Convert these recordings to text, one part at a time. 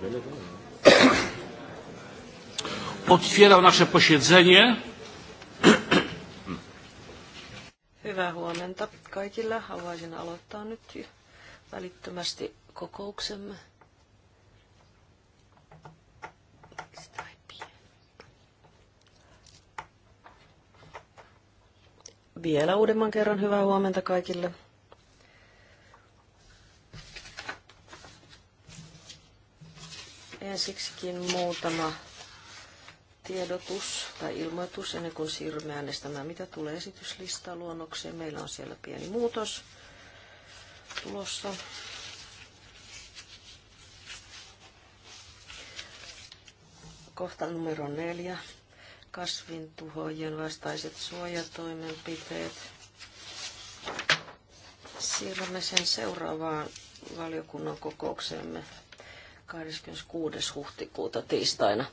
Otwieram nasze posiedzenie. Hyvää huomenta kaikille. Haluaisin aloittaa nyt välittömästi kokouksemme. Vielä uudemman kerran hyvää huomenta kaikille. Ensiksikin muutama tiedotus tai ilmoitus ennen kuin siirrymme äänestämään, mitä tulee luonnokseen. Meillä on siellä pieni muutos tulossa. Kohta numero neljä. Kasvintuhojen vastaiset suojatoimenpiteet. Siirrymme sen seuraavaan valiokunnan kokouksemme 26. huhtikuuta tiistaina.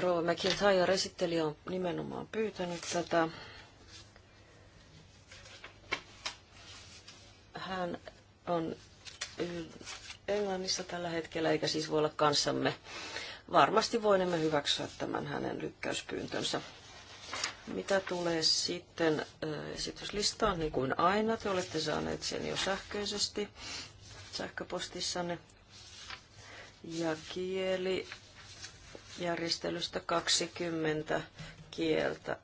Rova ja esittelijä on nimenomaan pyytänyt tätä. Hän on Englannissa tällä hetkellä, eikä siis voi olla kanssamme. Varmasti voimme hyväksyä tämän hänen lykkäyspyyntönsä. Mitä tulee sitten esityslistaan, niin kuin aina, te olette saaneet sen jo sähköisesti sähköpostissanne ja kieli järjestelystä 20 kieltä.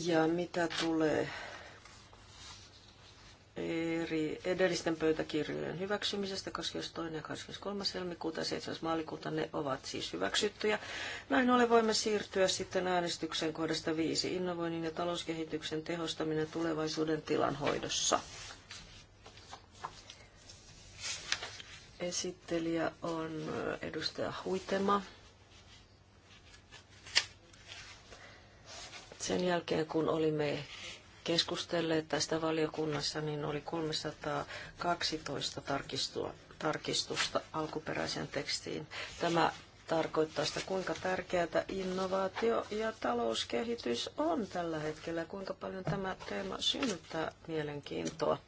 Ja mitä tulee eri edellisten pöytäkirjojen hyväksymisestä 22. ja 23. helmikuuta ja 7. maalikuuta ne ovat siis hyväksyttyjä. Näin ollen voimme siirtyä sitten äänestykseen kohdasta 5. Innovoinnin ja talouskehityksen tehostaminen tulevaisuuden tilanhoidossa. hoidossa. Esittelijä on äh, edustaja Huitema. Sen jälkeen, kun olimme keskustelleet tästä valiokunnassa, niin oli 312 tarkistusta alkuperäiseen tekstiin. Tämä tarkoittaa sitä, kuinka tärkeää innovaatio ja talouskehitys on tällä hetkellä, kuinka paljon tämä teema synnyttää mielenkiintoa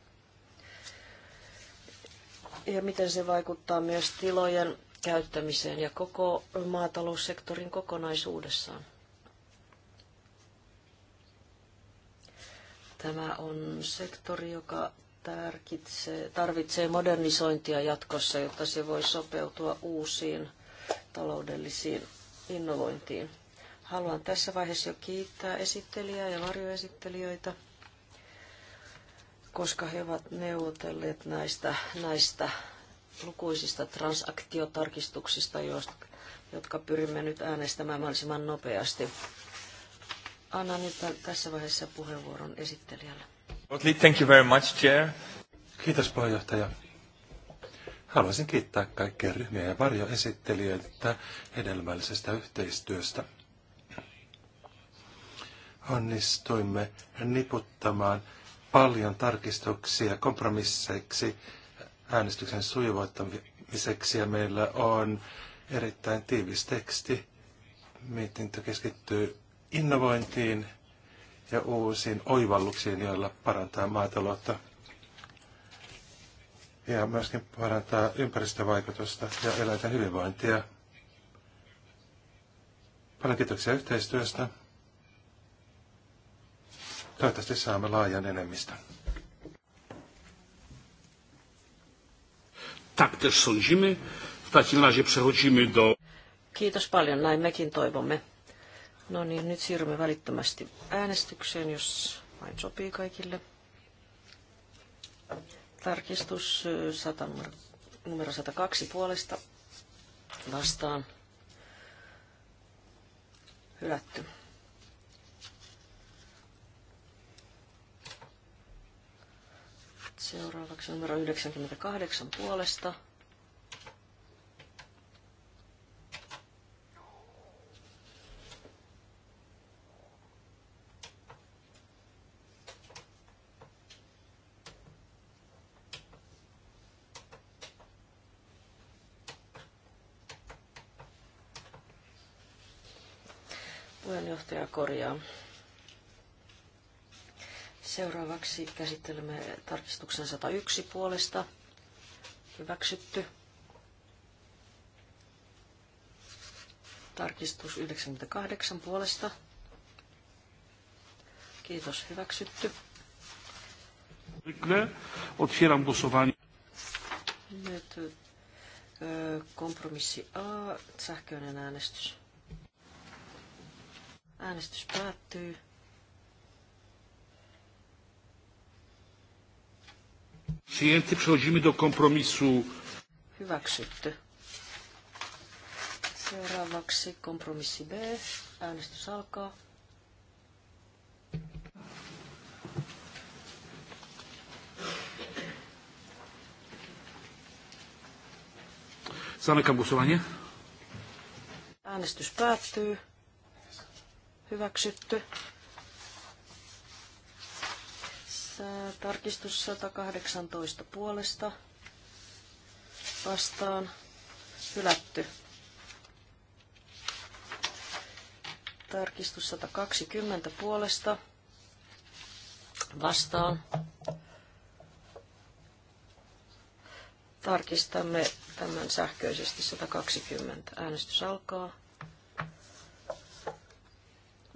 ja miten se vaikuttaa myös tilojen käyttämiseen ja koko maataloussektorin kokonaisuudessaan. Tämä on sektori, joka tarvitsee, modernisointia jatkossa, jotta se voi sopeutua uusiin taloudellisiin innovointiin. Haluan tässä vaiheessa jo kiittää esittelijää ja varjoesittelijöitä koska he ovat neuvotelleet näistä, näistä lukuisista transaktiotarkistuksista, jotka pyrimme nyt äänestämään mahdollisimman nopeasti. Annan nyt tässä vaiheessa puheenvuoron esittelijälle. Thank you very much, Chair. Kiitos puheenjohtaja. Haluaisin kiittää kaikkia ryhmiä ja varjoesittelijöitä hedelmällisestä yhteistyöstä. Onnistuimme niputtamaan paljon tarkistuksia kompromisseiksi äänestyksen sujuvoittamiseksi ja meillä on erittäin tiivis teksti. Mietintö keskittyy innovointiin ja uusiin oivalluksiin, joilla parantaa maataloutta ja myöskin parantaa ympäristövaikutusta ja eläinten hyvinvointia. Paljon kiitoksia yhteistyöstä. Toivottavasti saamme laajan enemmistön. Tak też sądzimy. W takim razie przechodzimy do... Kiitos paljon, näin mekin toivomme. No niin, nyt siirrymme välittömästi äänestykseen, jos vain sopii kaikille. Tarkistus 100, numero 102 puolesta vastaan. Hylätty. Seuraavaksi numero 98 puolesta. Puheenjohtaja korjaa. Seuraavaksi käsittelemme tarkistuksen 101 puolesta. Hyväksytty. Tarkistus 98 puolesta. Kiitos, hyväksytty. Otwieram głosowanie. Nyt kompromissi A, sähköinen äänestys. Äänestys päättyy. Przyjęty. Przechodzimy do kompromisu. Hyväksytty. Seuraavaksi kompromissi B. Äänestys alkaa. Zamykam głosowanie. Äänestys päättyy. Hyväksytty. Tarkistus 118 puolesta vastaan hylätty. Tarkistus 120 puolesta vastaan. Tarkistamme tämän sähköisesti 120. Äänestys alkaa.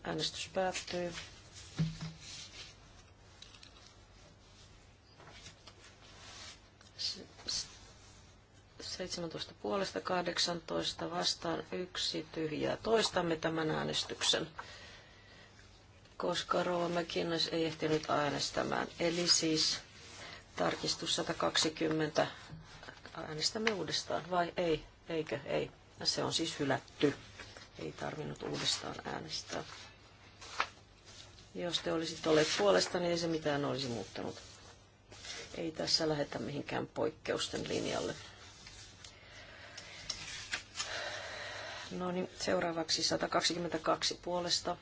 Äänestys päättyy. 17 puolesta 18 vastaan yksi tyhjää. Toistamme tämän äänestyksen, koska Rova McInnes ei ehtinyt äänestämään. Eli siis tarkistus 120. Äänestämme uudestaan vai ei? Eikö? Ei. Se on siis hylätty. Ei tarvinnut uudestaan äänestää. Jos te olisitte olleet puolesta, niin ei se mitään olisi muuttanut ei tässä lähetä mihinkään poikkeusten linjalle. No niin, seuraavaksi 122 puolesta.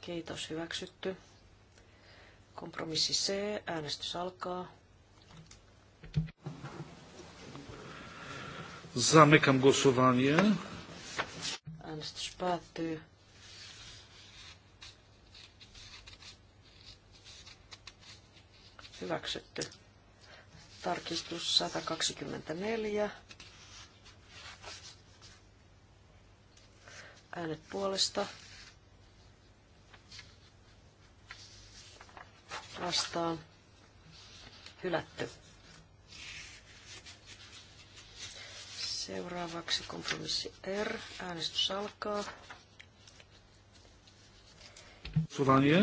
Kiitos, hyväksytty. Kompromissi C, äänestys alkaa. Zamykam głosowanie. Äänestys päättyy. Hyväksytty. Tarkistus 124 Äänet puolesta. Vastaan. Hylätty. Seuraavaksi kompromissi R. Äänestys alkaa. Suranje.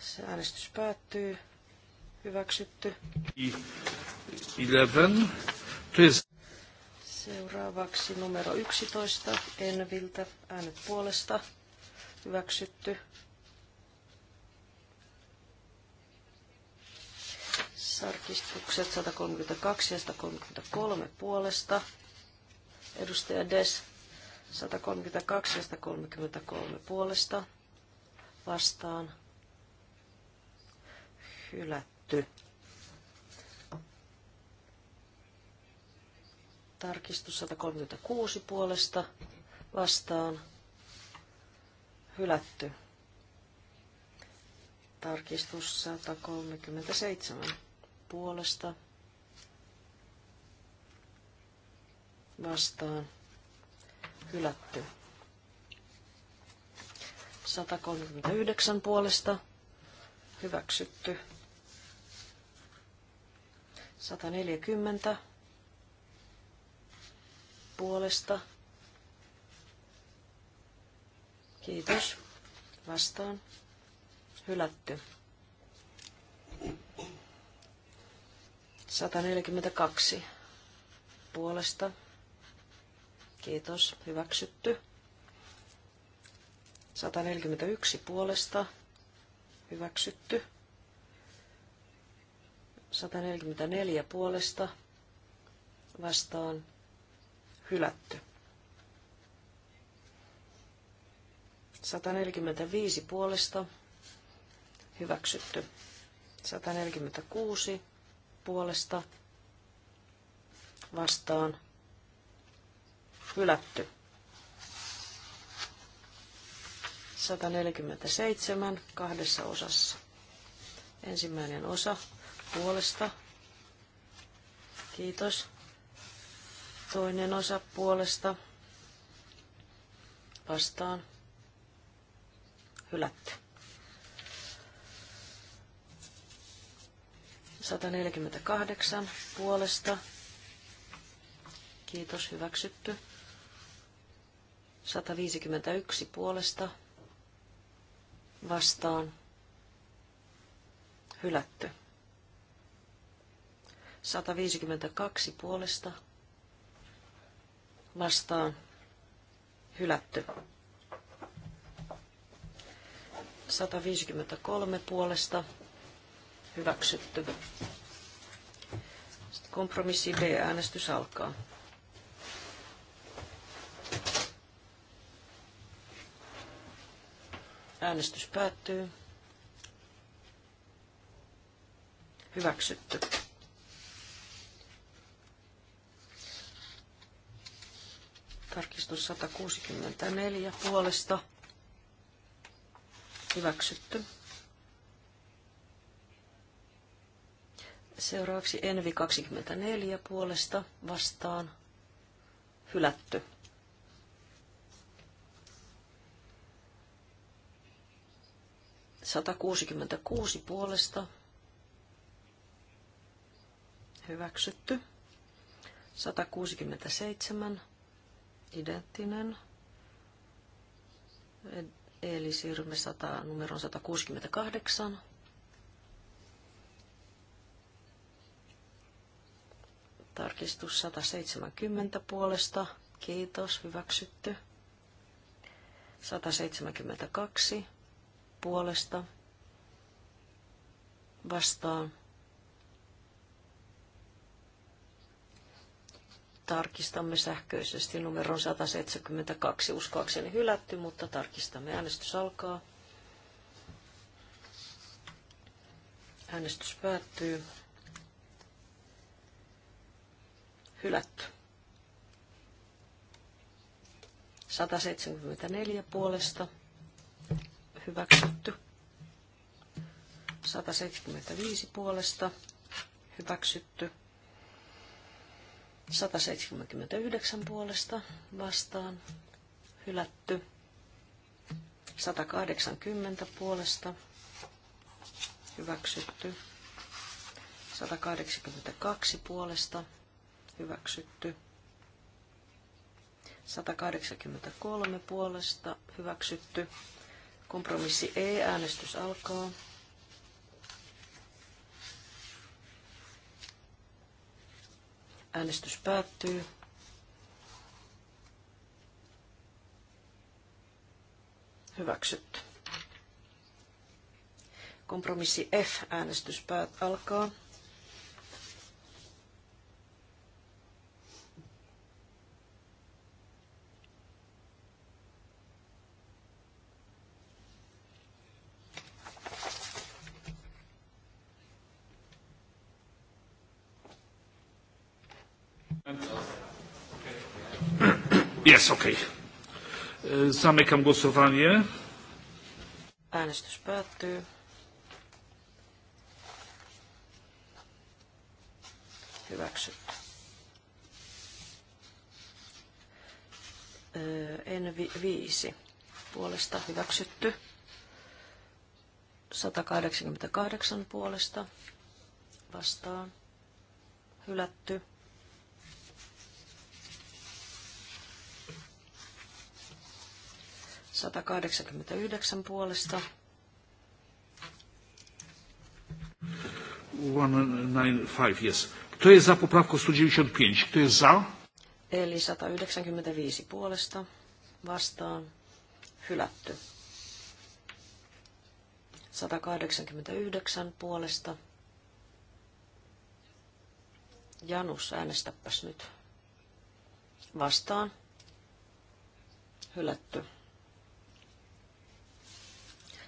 Se äänestys päättyy. Hyväksytty. 11. To Seuraavaksi numero 11 Enviltä äänet puolesta hyväksytty. Sarkistukset 132 ja 133 puolesta. Edustaja Des 132 ja 133 puolesta vastaan hylätty. Tarkistus 136 puolesta vastaan. Hylätty. Tarkistus 137 puolesta vastaan. Hylätty. 139 puolesta hyväksytty. 140 puolesta. Kiitos. Vastaan. Hylätty. 142 puolesta. Kiitos. Hyväksytty. 141 puolesta. Hyväksytty. 144 puolesta. Vastaan hylätty. 145 puolesta hyväksytty. 146 puolesta vastaan hylätty. 147 kahdessa osassa. Ensimmäinen osa puolesta. Kiitos. Toinen osa puolesta vastaan hylätty. 148 puolesta. Kiitos, hyväksytty. 151 puolesta vastaan hylätty. 152 puolesta vastaan hylätty. 153 puolesta hyväksytty. Sitten kompromissi B-äänestys alkaa. Äänestys päättyy. Hyväksytty. Tarkistus 164 puolesta. Hyväksytty. Seuraavaksi Envi 24 puolesta vastaan. Hylätty. Satakuusikymmentäkuusi puolesta. Hyväksytty. 167 identtinen. Eli siirrymme 100, numeron 168. Tarkistus 170 puolesta. Kiitos, hyväksytty. 172 puolesta vastaan tarkistamme sähköisesti numeron 172, uskoakseni hylätty, mutta tarkistamme. Äänestys alkaa. Äänestys päättyy. Hylätty. 174 puolesta hyväksytty. 175 puolesta hyväksytty. 179 puolesta vastaan hylätty. 180 puolesta hyväksytty. 182 puolesta hyväksytty. 183 puolesta hyväksytty. Kompromissi ei äänestys alkaa. Äänestys päättyy. Hyväksytty. Kompromissi F. Äänestys päät alkaa. Yes, okei. Okay. E, zamykam głosowanie. Äänestys päättyy. Hyväksytty. En vi- viisi puolesta hyväksytty. 188 puolesta vastaan hylätty. 189 puolesta. five, yes. Kto jest za poprawką 195? Kto jest za? Eli 195 puolesta vastaan hylätty. 189 puolesta. Janus, äänestäpäs nyt. Vastaan. Hylätty.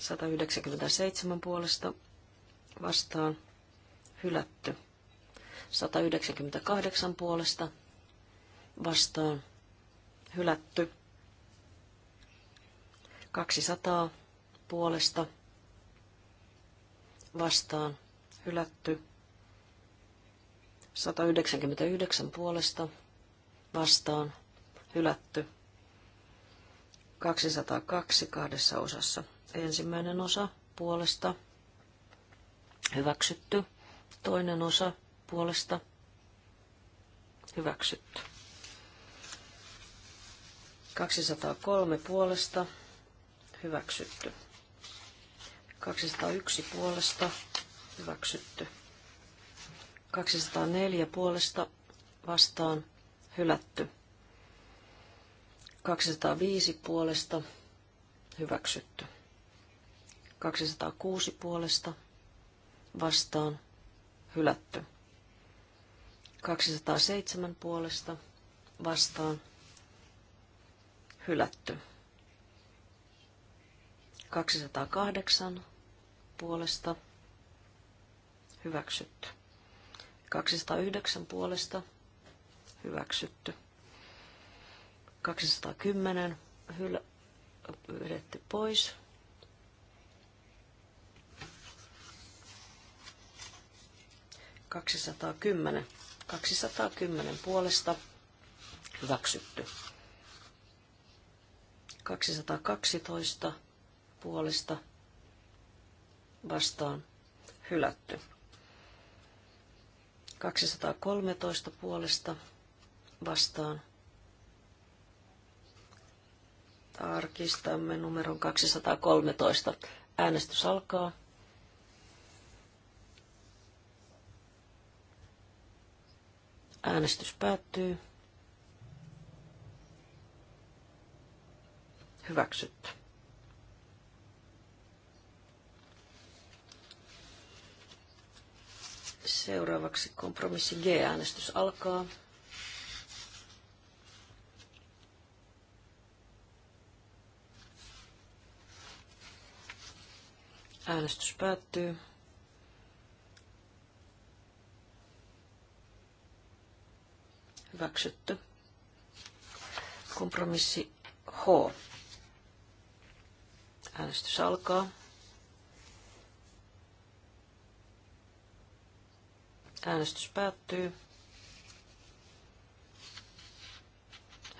197 puolesta vastaan hylätty. 198 puolesta vastaan hylätty. 200 puolesta vastaan hylätty. 199 puolesta vastaan hylätty. 202 kahdessa osassa Ensimmäinen osa puolesta hyväksytty. Toinen osa puolesta hyväksytty. 203 puolesta hyväksytty. 201 puolesta hyväksytty. 204 puolesta vastaan hylätty. 205 puolesta hyväksytty. 206 puolesta vastaan hylätty. 207 puolesta vastaan hylätty. 208 puolesta hyväksytty. 209 puolesta hyväksytty. 210 hyl- pois. 210. 210 puolesta hyväksytty. 212 puolesta vastaan hylätty. 213 puolesta vastaan. Tarkistamme numeron 213. Äänestys alkaa. Äänestys päättyy. Hyväksytty. Seuraavaksi kompromissi G-äänestys alkaa. Äänestys päättyy. hyväksytty. Kompromissi H. Äänestys alkaa. Äänestys päättyy.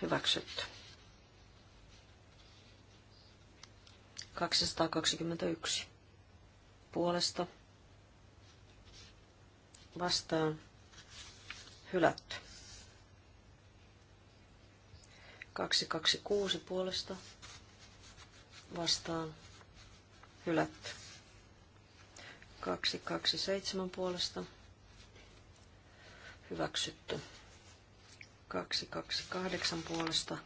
Hyväksytty. 221. Puolesta. Vastaan. Hylätty. 226 puolesta vastaan hylätty. 227 puolesta hyväksytty. 228 puolesta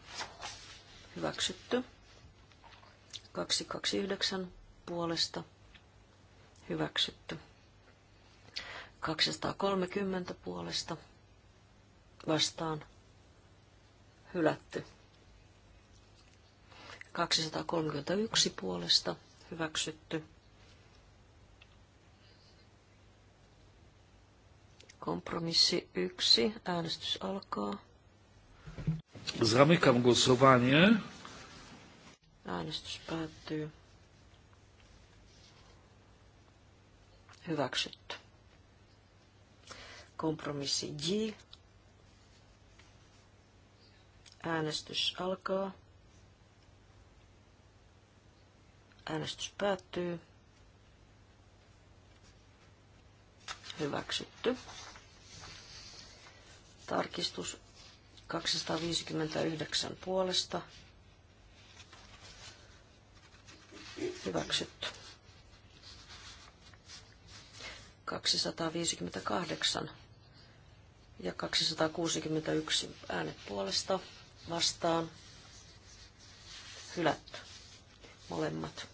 hyväksytty. 229 puolesta hyväksytty. 230 puolesta vastaan hylätty. 231 puolesta hyväksytty. Kompromissi 1. Äänestys alkaa. Zamykam głosowanie. Äänestys päättyy. Hyväksytty. Kompromissi J. Äänestys alkaa. Äänestys päättyy. Hyväksytty. Tarkistus 259 puolesta. Hyväksytty. 258 ja 261 äänet puolesta vastaan hylätty molemmat.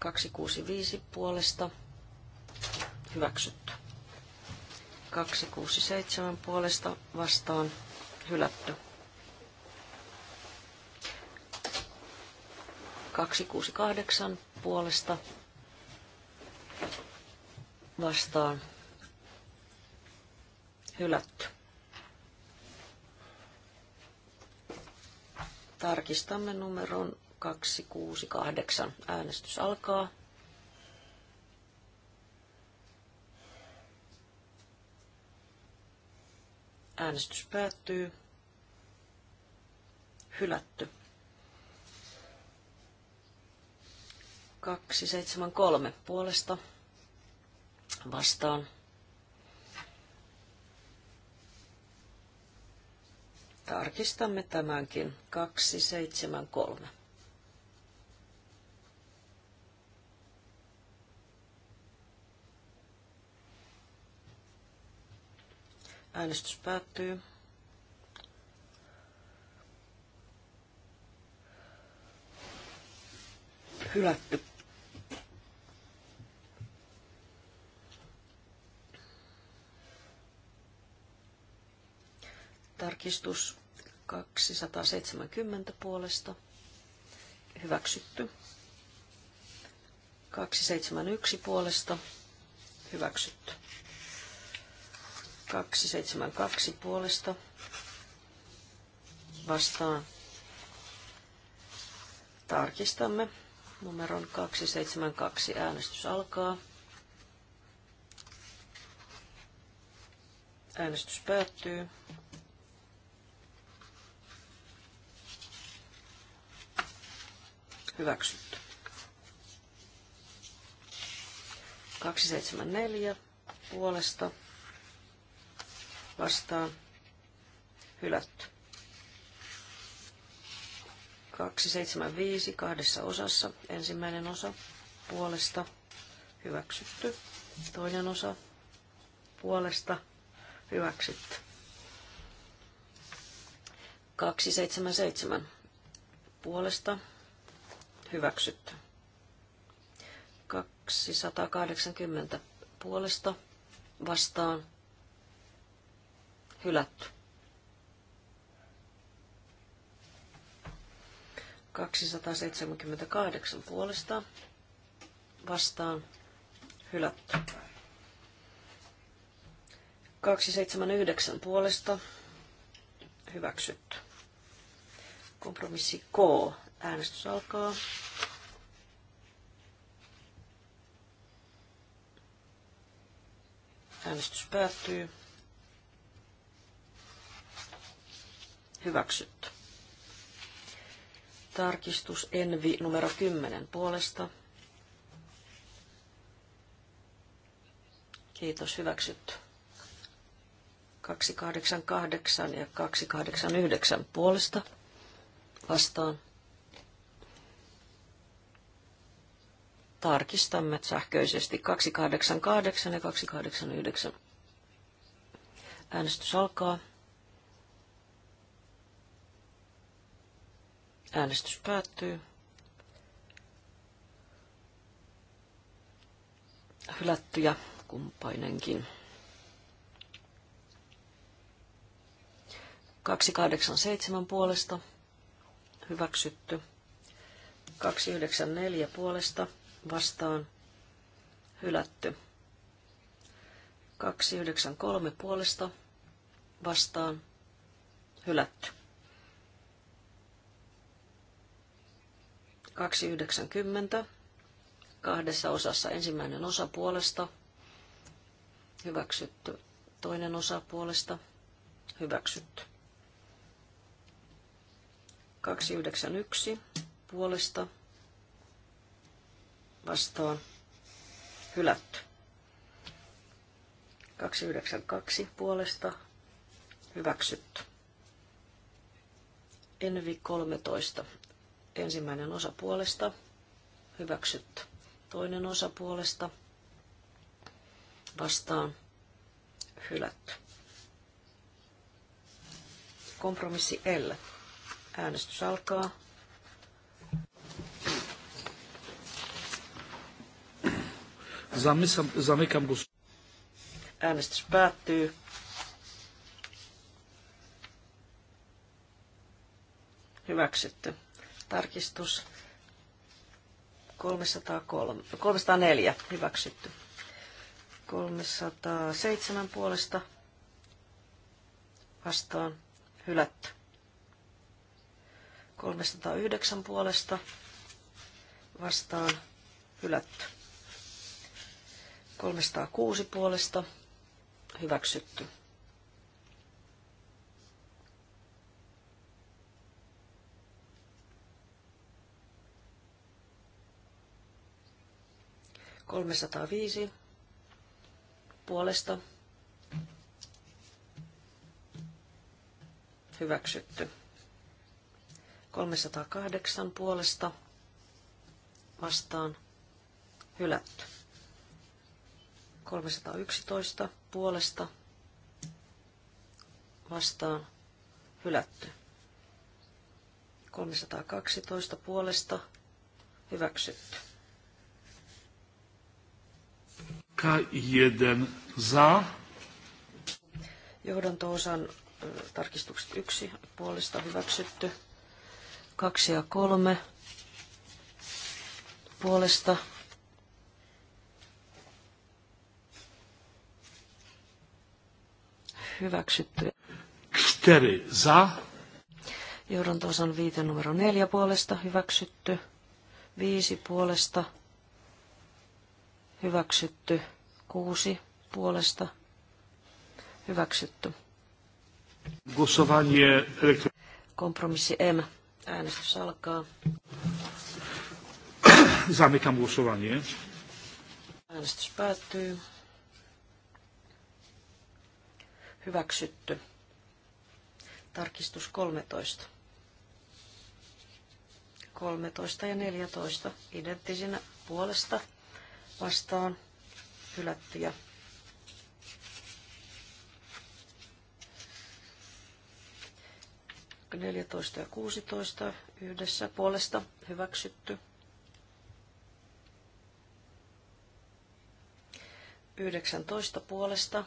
265 puolesta hyväksytty. 267 puolesta vastaan hylätty. 268 puolesta vastaan hylätty. Tarkistamme numeron 268. Äänestys alkaa. Äänestys päättyy. Hylätty. 273 puolesta vastaan. Tarkistamme tämänkin. 273. Äänestys päättyy. Hylätty. Tarkistus 270 puolesta. Hyväksytty. 271 puolesta. Hyväksytty. 272 puolesta vastaan. Tarkistamme. Numeron 272 äänestys alkaa. Äänestys päättyy. Hyväksytty. 274 puolesta vastaan hylätty. 275 kahdessa osassa. Ensimmäinen osa puolesta hyväksytty. Toinen osa puolesta hyväksytty. 277 puolesta hyväksytty. 280 puolesta vastaan hylätty. 278 puolesta vastaan hylätty. 279 puolesta hyväksytty. Kompromissi K. Äänestys alkaa. Äänestys päättyy. Hyväksytty. Tarkistus Envi numero 10 puolesta. Kiitos, hyväksytty. 288 ja 289 puolesta vastaan. Tarkistamme sähköisesti 288 ja 289. Äänestys alkaa. Äänestys päättyy. Hylättyjä kumpainenkin. 287 puolesta hyväksytty. 294 puolesta vastaan hylätty. 293 puolesta vastaan hylätty. 290 kahdessa osassa. Ensimmäinen osa puolesta hyväksytty, toinen osa puolesta hyväksytty. 291 puolesta vastaan hylätty. 292 puolesta hyväksytty. Envi 13 ensimmäinen osa puolesta, hyväksytty. Toinen osa puolesta, vastaan, hylätty. Kompromissi L. Äänestys alkaa. Zamykam, zamykam Äänestys päättyy. Hyväksytty. Tarkistus 303, 304 hyväksytty. 307 puolesta vastaan hylätty. 309 puolesta vastaan hylätty. 306 puolesta hyväksytty. 305 puolesta hyväksytty. 308 puolesta vastaan hylätty. 311 puolesta vastaan hylätty. 312 puolesta hyväksytty. 101 za. Johdanto-osan tarkistukset yksi puolesta hyväksytty. kaksi ja kolme puolesta. Hyväksytty. 4 za. Johdanto-osan viite numero neljä puolesta hyväksytty. viisi puolesta Hyväksytty. Kuusi puolesta. Hyväksytty. Głosowanie Kompromissi M. Äänestys alkaa. Zamykam głosowanie. Äänestys päättyy. Hyväksytty. Tarkistus 13. 13 ja 14 identtisinä puolesta vastaan hylättyjä. Neljätoista ja 16 yhdessä puolesta hyväksytty. 19 puolesta.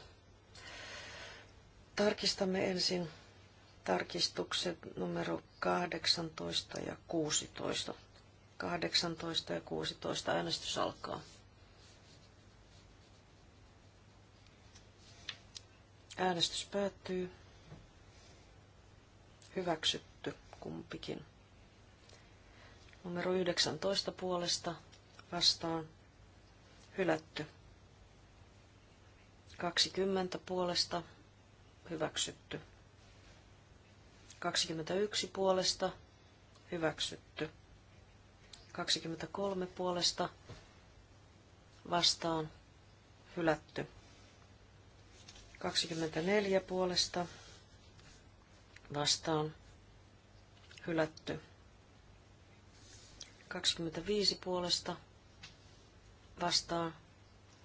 Tarkistamme ensin tarkistukset numero 18 ja 16. 18 ja 16 äänestys alkaa. Äänestys päättyy. Hyväksytty kumpikin. Numero 19 puolesta vastaan. Hylätty. 20 puolesta. Hyväksytty. 21 puolesta. Hyväksytty. 23 puolesta. Vastaan. Hylätty. 24 puolesta vastaan hylätty. 25 puolesta vastaan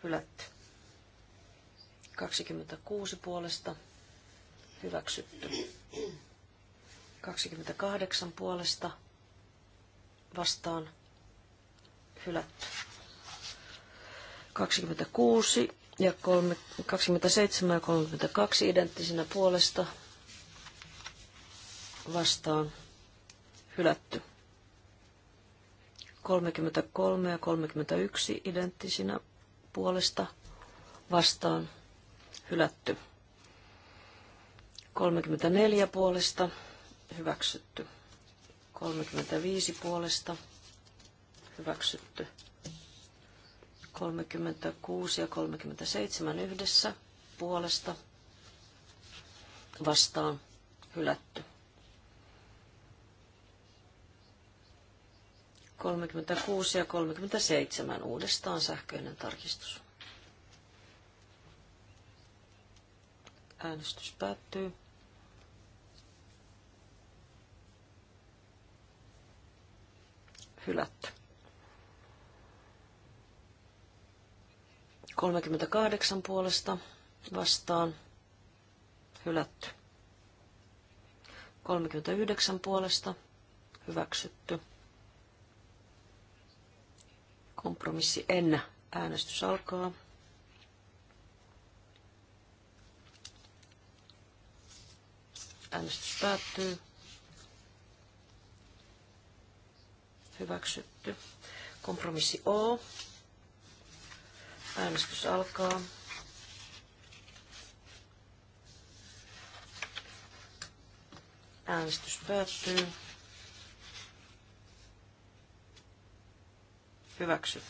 hylätty. 26 puolesta hyväksytty. 28 puolesta vastaan hylätty. 26 ja 3, 27 ja 32 identtisinä puolesta vastaan hylätty. 33 ja 31 identtisinä puolesta vastaan hylätty. 34 puolesta hyväksytty. 35 puolesta hyväksytty. 36 ja 37 yhdessä puolesta vastaan hylätty. 36 ja 37 uudestaan sähköinen tarkistus. Äänestys päättyy. Hylätty. 38 puolesta vastaan hylätty. 39 puolesta hyväksytty. Kompromissi ennä. Äänestys alkaa. Äänestys päättyy. Hyväksytty. Kompromissi O Äänestys alkaa. Äänestys päättyy. Hyväksy.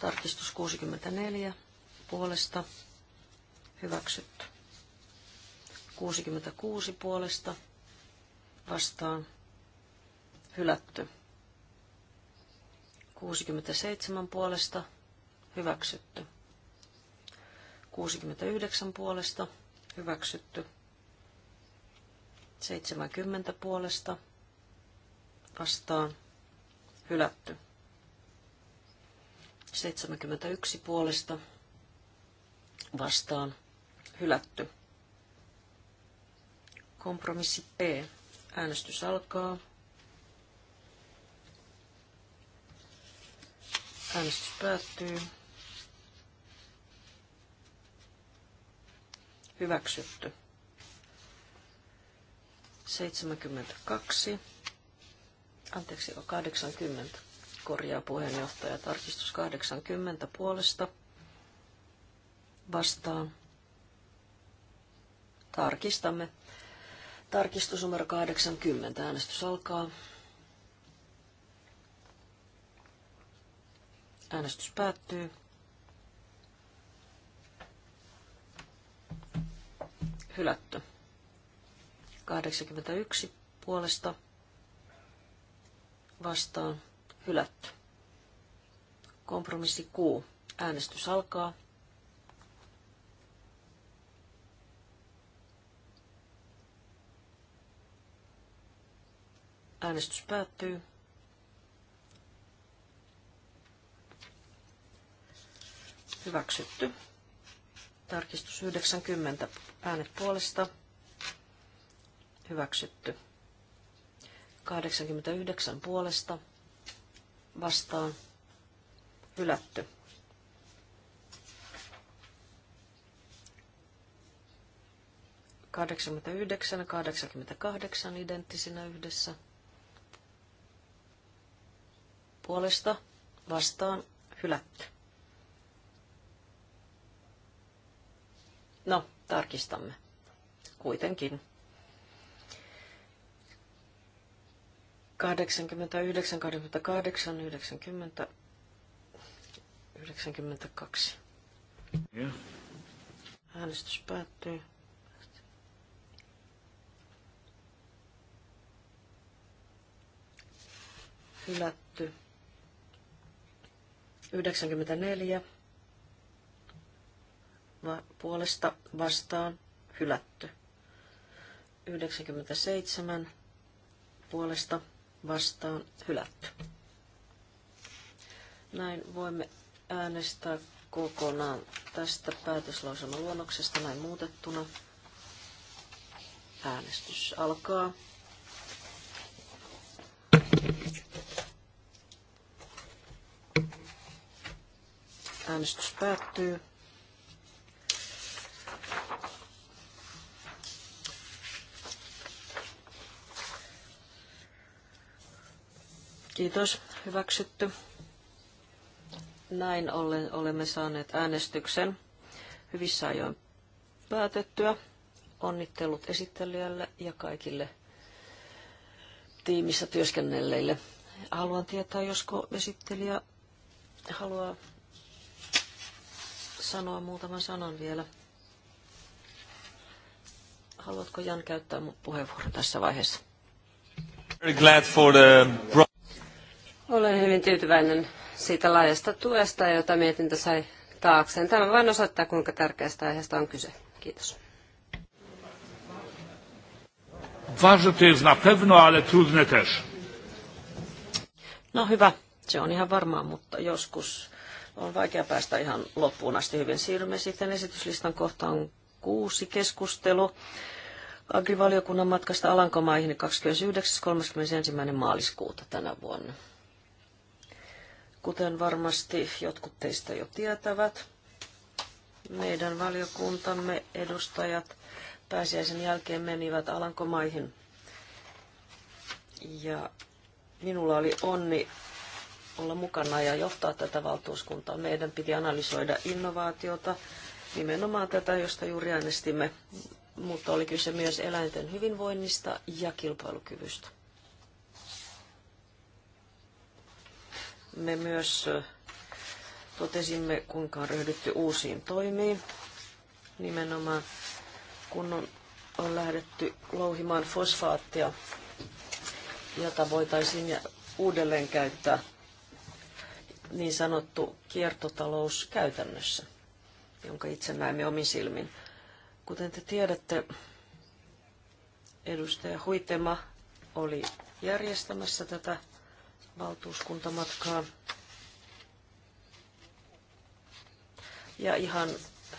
Tarkistus 64 puolesta. Hyväksytty. 66 puolesta vastaan. Hylätty. 67 puolesta hyväksytty. 69 puolesta, hyväksytty. 70 puolesta, vastaan, hylätty. 71 puolesta, vastaan, hylätty. Kompromissi P. Äänestys alkaa. Äänestys päättyy. hyväksytty. 72, anteeksi 80, korjaa puheenjohtaja, tarkistus 80 puolesta vastaan. Tarkistamme. Tarkistus numero 80, äänestys alkaa. Äänestys päättyy. hylätty. 81 puolesta vastaan hylätty. Kompromissi Q. Äänestys alkaa. Äänestys päättyy. Hyväksytty. Tarkistus 90. Äänet puolesta. Hyväksytty. 89 puolesta. Vastaan. Hylätty. yhdeksän ja kahdeksan identtisinä yhdessä. Puolesta vastaan hylätty. No, tarkistamme. Kuitenkin. 89, 88, 90, 92. Yeah. Äänestys päättyy. Hylätty. 94 puolesta vastaan hylätty. 97 puolesta vastaan hylätty. Näin voimme äänestää kokonaan tästä päätöslauselman luonnoksesta näin muutettuna. Äänestys alkaa. Äänestys päättyy. Kiitos. Hyväksytty. Näin ollen olemme saaneet äänestyksen hyvissä ajoin päätettyä. Onnittelut esittelijälle ja kaikille tiimissä työskennelleille. Haluan tietää, josko esittelijä haluaa sanoa muutaman sanan vielä. Haluatko Jan käyttää puheenvuoron tässä vaiheessa? Very glad for the... Olen hyvin tyytyväinen siitä laajasta tuesta, jota mietintä sai taakseen. Tämä vain osoittaa, kuinka tärkeästä aiheesta on kyse. Kiitos. Ważne to jest na pewno, ale trudne też. No hyvä, se on ihan varmaa, mutta joskus on vaikea päästä ihan loppuun asti hyvin. Siirrymme sitten esityslistan kohtaan kuusi keskustelu. Agrivaliokunnan matkasta Alankomaihin 29.31. maaliskuuta tänä vuonna. Kuten varmasti jotkut teistä jo tietävät, meidän valiokuntamme edustajat pääsiäisen jälkeen menivät Alankomaihin. Ja minulla oli onni olla mukana ja johtaa tätä valtuuskuntaa. Meidän piti analysoida innovaatiota, nimenomaan tätä, josta juuri äänestimme, mutta oli kyse myös eläinten hyvinvoinnista ja kilpailukyvystä. Me myös totesimme, kuinka on ryhdytty uusiin toimiin. Nimenomaan kun on, on lähdetty louhimaan fosfaattia, jota voitaisiin uudelleen käyttää niin sanottu kiertotalous käytännössä, jonka itse näemme omin silmin. Kuten te tiedätte, edustaja Huitema oli järjestämässä tätä valtuuskuntamatkaa. Ja ihan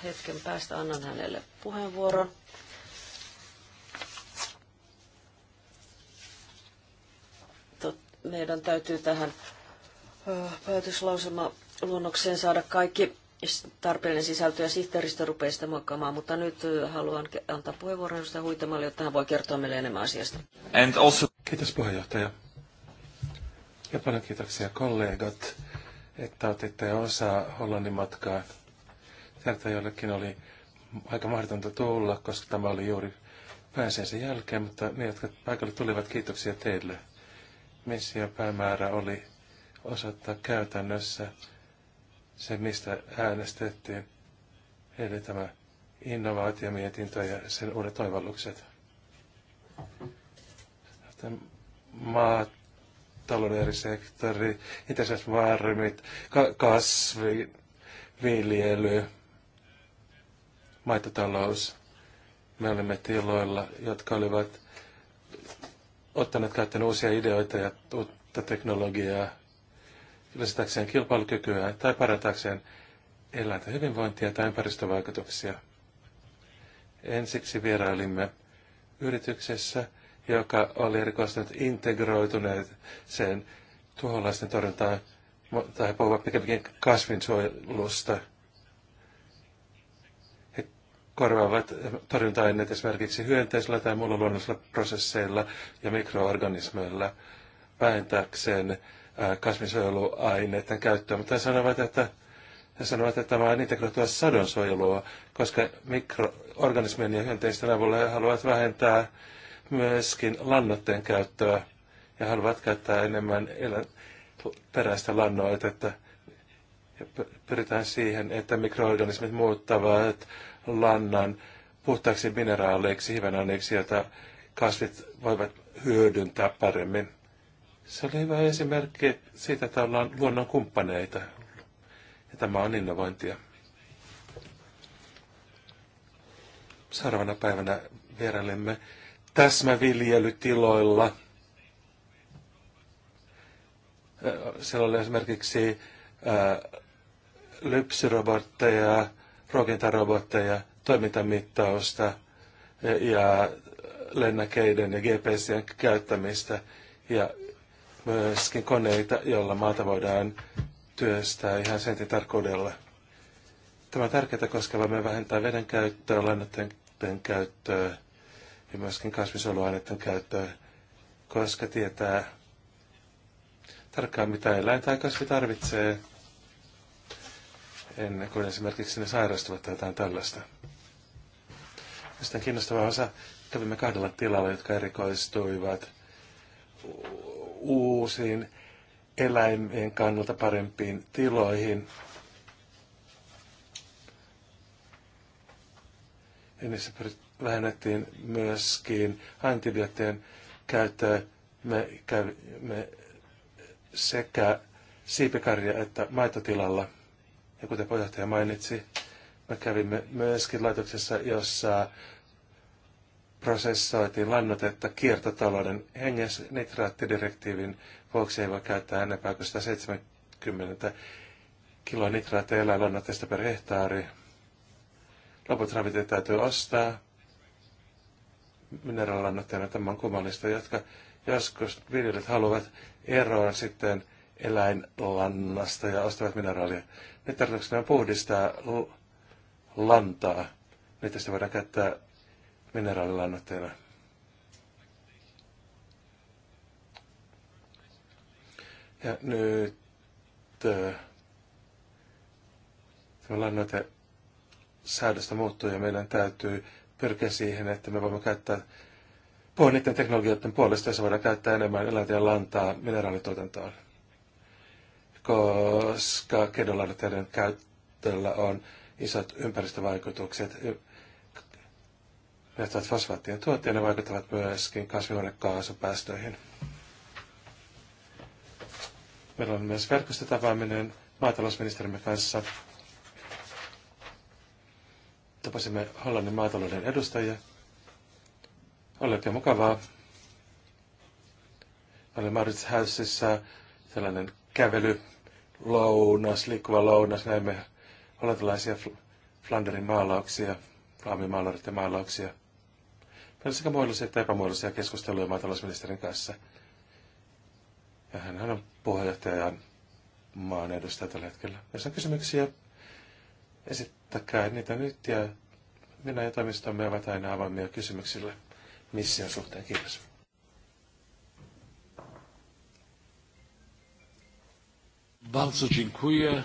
hetken päästä annan hänelle puheenvuoron. Meidän täytyy tähän päätöslausema luonnokseen saada kaikki tarpeellinen sisältö ja sihteeristö rupeaa sitä muokkaamaan, mutta nyt haluan antaa puheenvuoron edustaja Huitamalle, jotta hän voi kertoa meille enemmän asiasta. And also... Kiitos puheenjohtaja. Ja paljon kiitoksia kollegat, että otitte osaa Hollannin matkaa. Täältä jollekin oli aika mahdotonta tulla, koska tämä oli juuri pääseensä jälkeen, mutta ne, jotka paikalle tulivat, kiitoksia teille. Missio päämäärä oli osoittaa käytännössä se, mistä äänestettiin, eli tämä innovaatiomietintö ja sen uudet oivallukset. Maat talouden sektori, itäiset varmit, ka- kasvi, viljely, maitotalous. Me olimme tiloilla, jotka olivat ottaneet käyttöön uusia ideoita ja uutta teknologiaa lisätäkseen kilpailukykyä tai parantaakseen eläinten hyvinvointia tai ympäristövaikutuksia. Ensiksi vierailimme yrityksessä – joka oli erikoistunut integroituneet sen tuholaisten torjuntaan, tai he puhuvat pikemminkin kasvinsuojelusta. He korvaavat torjunta-aineet esimerkiksi hyönteisillä tai muilla luonnollisilla prosesseilla ja mikroorganismeilla vähentääkseen kasvinsuojeluaineiden käyttöä, mutta he sanovat, että he sanovat, että tämä on integroitua sadonsuojelua, koska mikroorganismien ja hyönteisten avulla he haluavat vähentää myöskin lannoitteen käyttöä ja haluavat käyttää enemmän peräistä lannoitetta. Ja pyritään siihen, että mikroorganismit muuttavat lannan puhtaaksi mineraaleiksi, hivenaineiksi, joita kasvit voivat hyödyntää paremmin. Se oli hyvä esimerkki siitä, että ollaan luonnon kumppaneita. Ja tämä on innovointia. Seuraavana päivänä vierailemme täsmäviljelytiloilla. Siellä oli esimerkiksi lypsyrobotteja, ruokintarobotteja, toimintamittausta ja lennäkeiden ja GPSien käyttämistä ja myöskin koneita, joilla maata voidaan työstää ihan sentin tarkkuudella. Tämä on tärkeää, koska voimme vähentää veden käyttöä, lannoitteiden käyttöä, ja myöskin kasvisoluaineiden käyttöä, koska tietää tarkkaan mitä eläin tai kasvi tarvitsee ennen kuin esimerkiksi ne sairastuvat tai jotain tällaista. Ja sitten kiinnostava osa, kävimme kahdella tilalla, jotka erikoistuivat uusiin eläimien kannalta parempiin tiloihin. Ja niissä pyrittiin vähennettiin myöskin antibioottien käyttöä. Me kävimme sekä siipikarja että maitotilalla. Ja kuten puheenjohtaja mainitsi, me kävimme myöskin laitoksessa, jossa prosessoitiin lannotetta kiertotalouden hengessä nitraattidirektiivin vuoksi ei voi käyttää enempää kuin 170 kiloa nitraatteja eläinlannotteesta per hehtaari. Loput ravinteet täytyy ostaa mineraalilannoitteena. Tämä on kummallista, jotka joskus viljelijät haluavat eroa sitten eläinlannasta ja ostavat mineraalia. Nyt tarkoituksena on puhdistaa lantaa. Nyt sitä voidaan käyttää mineraalilannoitteena. Ja nyt äh, tämä lannoite säädöstä muuttuu ja meidän täytyy pyrkiä siihen, että me voimme käyttää, puhua niiden teknologioiden puolesta, joissa voidaan käyttää enemmän ja lantaa mineraalituotantoon. Koska kedonlannoitteiden käytöllä on isot ympäristövaikutukset, ovat fosfaattien ne vaikuttavat myöskin kasvihuonekaasupäästöihin. Meillä on myös verkostotapaaminen maatalousministerimme kanssa Tapasimme Hollannin maatalouden edustajia. Oli oikein mukavaa. Oli Maurits Hälsissä sellainen kävely, lounas, liikkuva lounas. Näimme hollantilaisia Flanderin maalauksia, ja maalauksia. Meillä sekä muodollisia että epämuodollisia keskusteluja maatalousministerin kanssa. Ja hän on ja maan edustaja tällä hetkellä. Jos on kysymyksiä, esittää Käyttäkää niitä nyt ja minä ja toimistomme ovat aina avoimia kysymyksille mission suhteen. Kiitos. Bardzo dziękuję.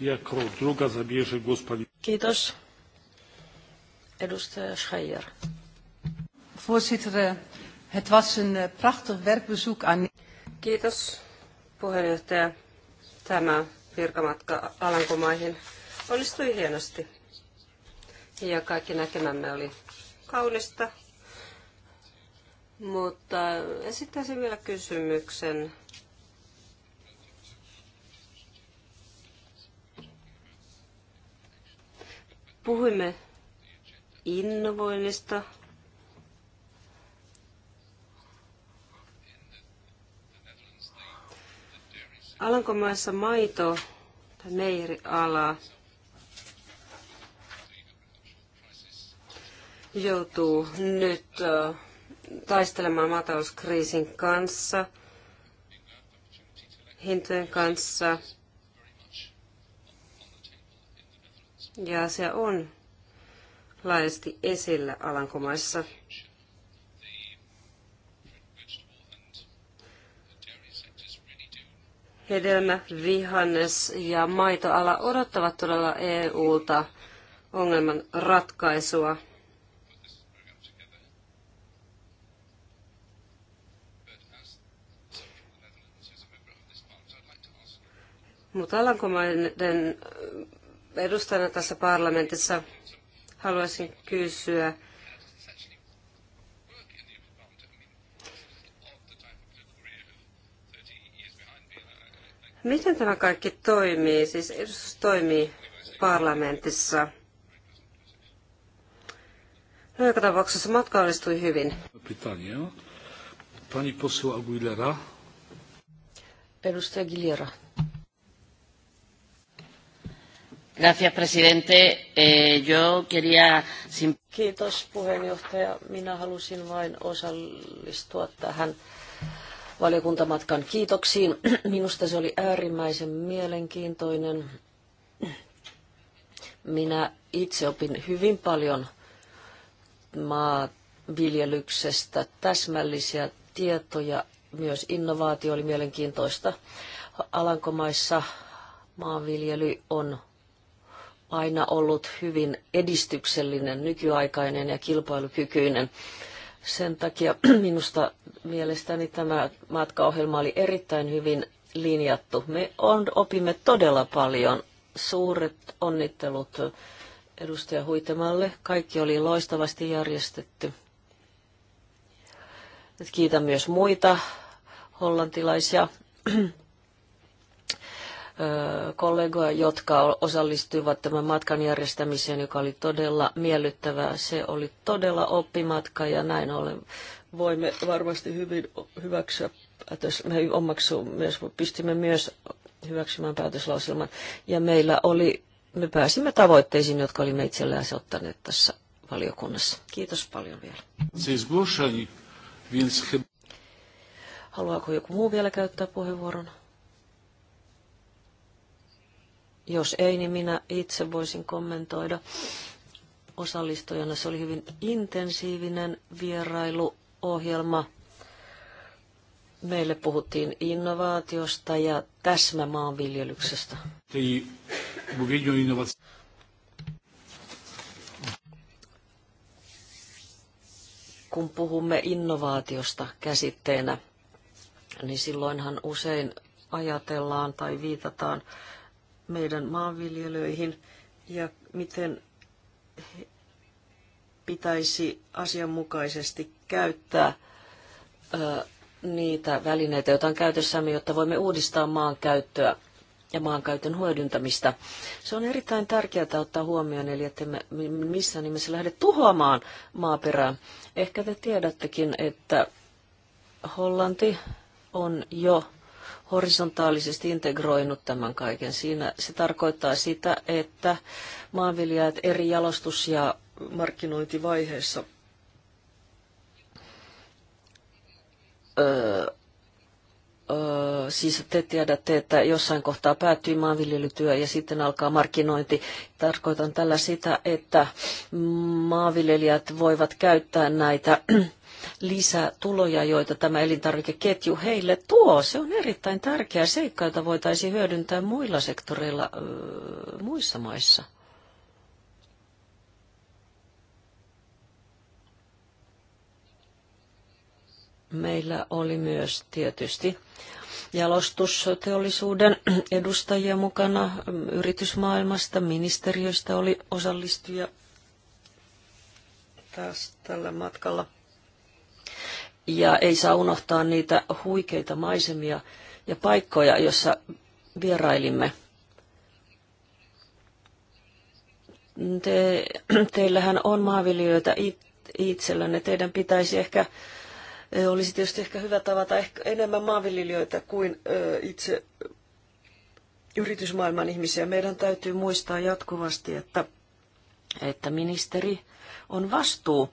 Jako druga zabierze głos pani... Kiitos. Edustaja Schreier. Voorzitter, het was een eh, prachtig werkbezoek aan... Kiitos, puheenjohtaja. Tämä virkamatka Alankomaihin onnistui hienosti. Ja kaikki näkemämme oli kaunista. Mutta esittäisin vielä kysymyksen. Puhuimme innovoinnista, Alankomaissa maito tai meiriala joutuu nyt taistelemaan maatalouskriisin kanssa, hintojen kanssa. Ja asia on laajasti esillä Alankomaissa. hedelmä, vihannes ja maitoala odottavat todella EUlta ongelman ratkaisua. Mutta Alankomaiden edustajana tässä parlamentissa haluaisin kysyä, Miten tämä kaikki toimii? Siis edustus toimii parlamentissa. No joka tapauksessa matka onnistui hyvin. Pani poseł Aguilera. Edustaja Gilera. Gracias, presidente. Eh, yo quería... Kiitos, puheenjohtaja. Minä halusin vain osallistua tähän valiokuntamatkan kiitoksiin. Minusta se oli äärimmäisen mielenkiintoinen. Minä itse opin hyvin paljon maanviljelyksestä täsmällisiä tietoja. Myös innovaatio oli mielenkiintoista. Alankomaissa maanviljely on aina ollut hyvin edistyksellinen, nykyaikainen ja kilpailukykyinen. Sen takia minusta mielestäni tämä matkaohjelma oli erittäin hyvin linjattu. Me on, opimme todella paljon. Suuret onnittelut edustaja Huitemalle. Kaikki oli loistavasti järjestetty. Kiitän myös muita hollantilaisia kollegoja, jotka osallistuivat tämän matkan järjestämiseen, joka oli todella miellyttävää. Se oli todella oppimatka ja näin ollen voimme varmasti hyvin hyväksyä päätös, me myös, pystimme myös hyväksymään päätöslauselman. Ja meillä oli, me pääsimme tavoitteisiin, jotka olimme itsellään ottaneet tässä valiokunnassa. Kiitos paljon vielä. Haluaako joku muu vielä käyttää puheenvuoron? Jos ei, niin minä itse voisin kommentoida osallistujana. Se oli hyvin intensiivinen vierailuohjelma. Meille puhuttiin innovaatiosta ja täsmämaanviljelyksestä. Kun puhumme innovaatiosta käsitteenä, niin silloinhan usein ajatellaan tai viitataan meidän maanviljelijöihin ja miten pitäisi asianmukaisesti käyttää niitä välineitä, joita on käytössämme, jotta voimme uudistaa maankäyttöä ja maankäytön hyödyntämistä. Se on erittäin tärkeää ottaa huomioon, eli että me missään nimessä lähde tuhoamaan maaperää. Ehkä te tiedättekin, että Hollanti on jo horisontaalisesti integroinut tämän kaiken. Siinä se tarkoittaa sitä, että maanviljelijät eri jalostus- ja markkinointivaiheissa öö, öö, siis te tiedätte, että jossain kohtaa päättyy maanviljelytyö ja sitten alkaa markkinointi. Tarkoitan tällä sitä, että maanviljelijät voivat käyttää näitä lisätuloja, joita tämä elintarvikeketju heille tuo. Se on erittäin tärkeä seikka, jota voitaisiin hyödyntää muilla sektoreilla muissa maissa. Meillä oli myös tietysti jalostusteollisuuden edustajia mukana yritysmaailmasta, ministeriöistä oli osallistuja taas tällä matkalla ja ei saa unohtaa niitä huikeita maisemia ja paikkoja, joissa vierailimme. Te, teillähän on maanviljelijöitä itsellänne. Teidän pitäisi ehkä, olisi tietysti ehkä hyvä tavata ehkä enemmän maanviljelijöitä kuin itse yritysmaailman ihmisiä. Meidän täytyy muistaa jatkuvasti, että, että ministeri on vastuu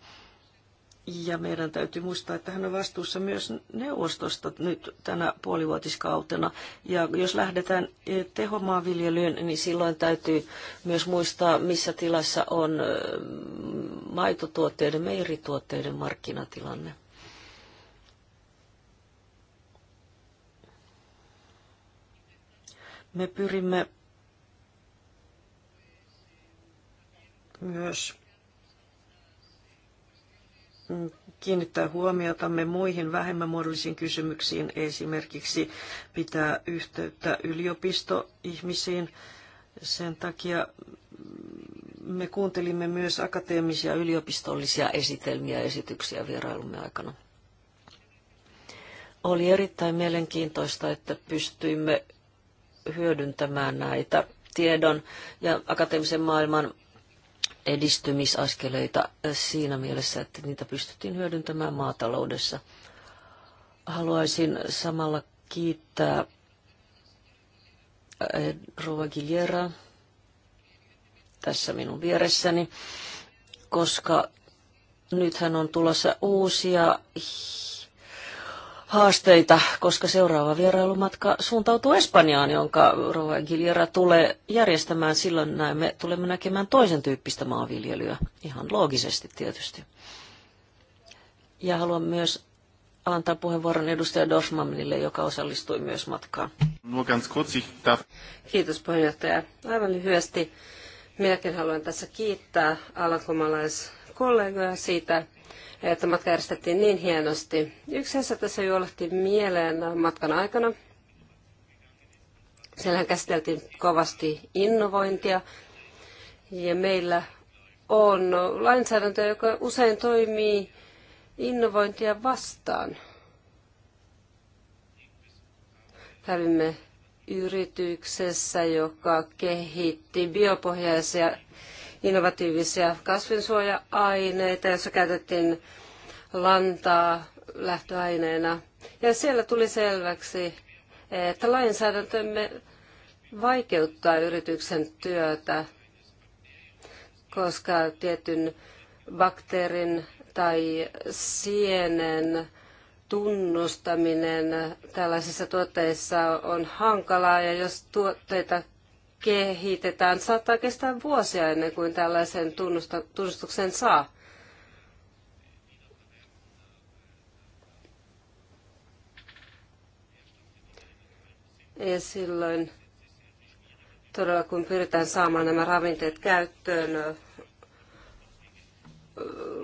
ja meidän täytyy muistaa, että hän on vastuussa myös neuvostosta nyt tänä puolivuotiskautena. Ja jos lähdetään eh, tehomaanviljelyyn, niin silloin täytyy myös muistaa, missä tilassa on eh, maitotuotteiden, meirituotteiden markkinatilanne. Me pyrimme myös kiinnittää huomiotamme muihin vähemmän muodollisiin kysymyksiin, esimerkiksi pitää yhteyttä yliopistoihmisiin. Sen takia me kuuntelimme myös akateemisia yliopistollisia esitelmiä ja esityksiä vierailumme aikana. Oli erittäin mielenkiintoista, että pystyimme hyödyntämään näitä tiedon ja akateemisen maailman edistymisaskeleita siinä mielessä, että niitä pystyttiin hyödyntämään maataloudessa. Haluaisin samalla kiittää eh, Rova Guillera tässä minun vieressäni, koska nythän on tulossa uusia haasteita, koska seuraava vierailumatka suuntautuu Espanjaan, jonka Rova Giliera tulee järjestämään. Silloin näemme, tulemme näkemään toisen tyyppistä maanviljelyä, ihan loogisesti tietysti. Ja haluan myös antaa puheenvuoron edustaja Dorfmanille, joka osallistui myös matkaan. Kiitos puheenjohtaja. Aivan lyhyesti. Minäkin haluan tässä kiittää alankomalaiskollegoja kollegoja siitä, että matka järjestettiin niin hienosti. Yksi asia tässä juolahti mieleen matkan aikana. Siellähän käsiteltiin kovasti innovointia ja meillä on lainsäädäntö, joka usein toimii innovointia vastaan. Kävimme yrityksessä, joka kehitti biopohjaisia innovatiivisia kasvinsuoja-aineita, joissa käytettiin lantaa lähtöaineena. Ja siellä tuli selväksi, että lainsäädäntömme vaikeuttaa yrityksen työtä, koska tietyn bakteerin tai sienen tunnustaminen tällaisissa tuotteissa on hankalaa ja jos tuotteita kehitetään, saattaa kestää vuosia ennen kuin tällaisen tunnusta, tunnustuksen saa. Ja silloin todella kun pyritään saamaan nämä ravinteet käyttöön,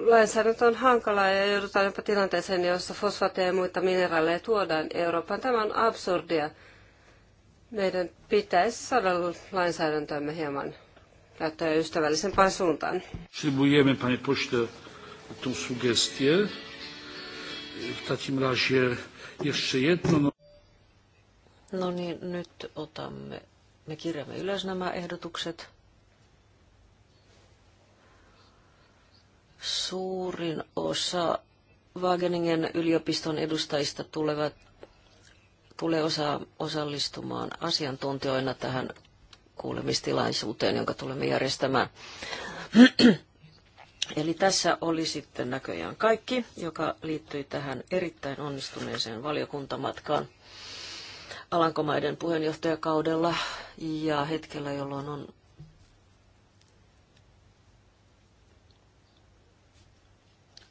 lainsäädäntö on hankalaa ja joudutaan jopa tilanteeseen, jossa fosfaatteja ja muita mineraaleja tuodaan Eurooppaan. Tämä on absurdia. Meidän pitäisi saada lainsäädäntöämme hieman ystävällisempään suuntaan. Przyjmujemy, panie pośle, tą sugestię. W takim razie jeszcze jedno. No-, no niin, nyt otamme, me kirjaamme ylös nämä ehdotukset. Suurin osa Wageningen yliopiston edustajista tulevat Tule osa, osallistumaan asiantuntijoina tähän kuulemistilaisuuteen, jonka tulemme järjestämään. Eli tässä oli sitten näköjään kaikki, joka liittyi tähän erittäin onnistuneeseen valiokuntamatkaan Alankomaiden puheenjohtajakaudella ja hetkellä, jolloin on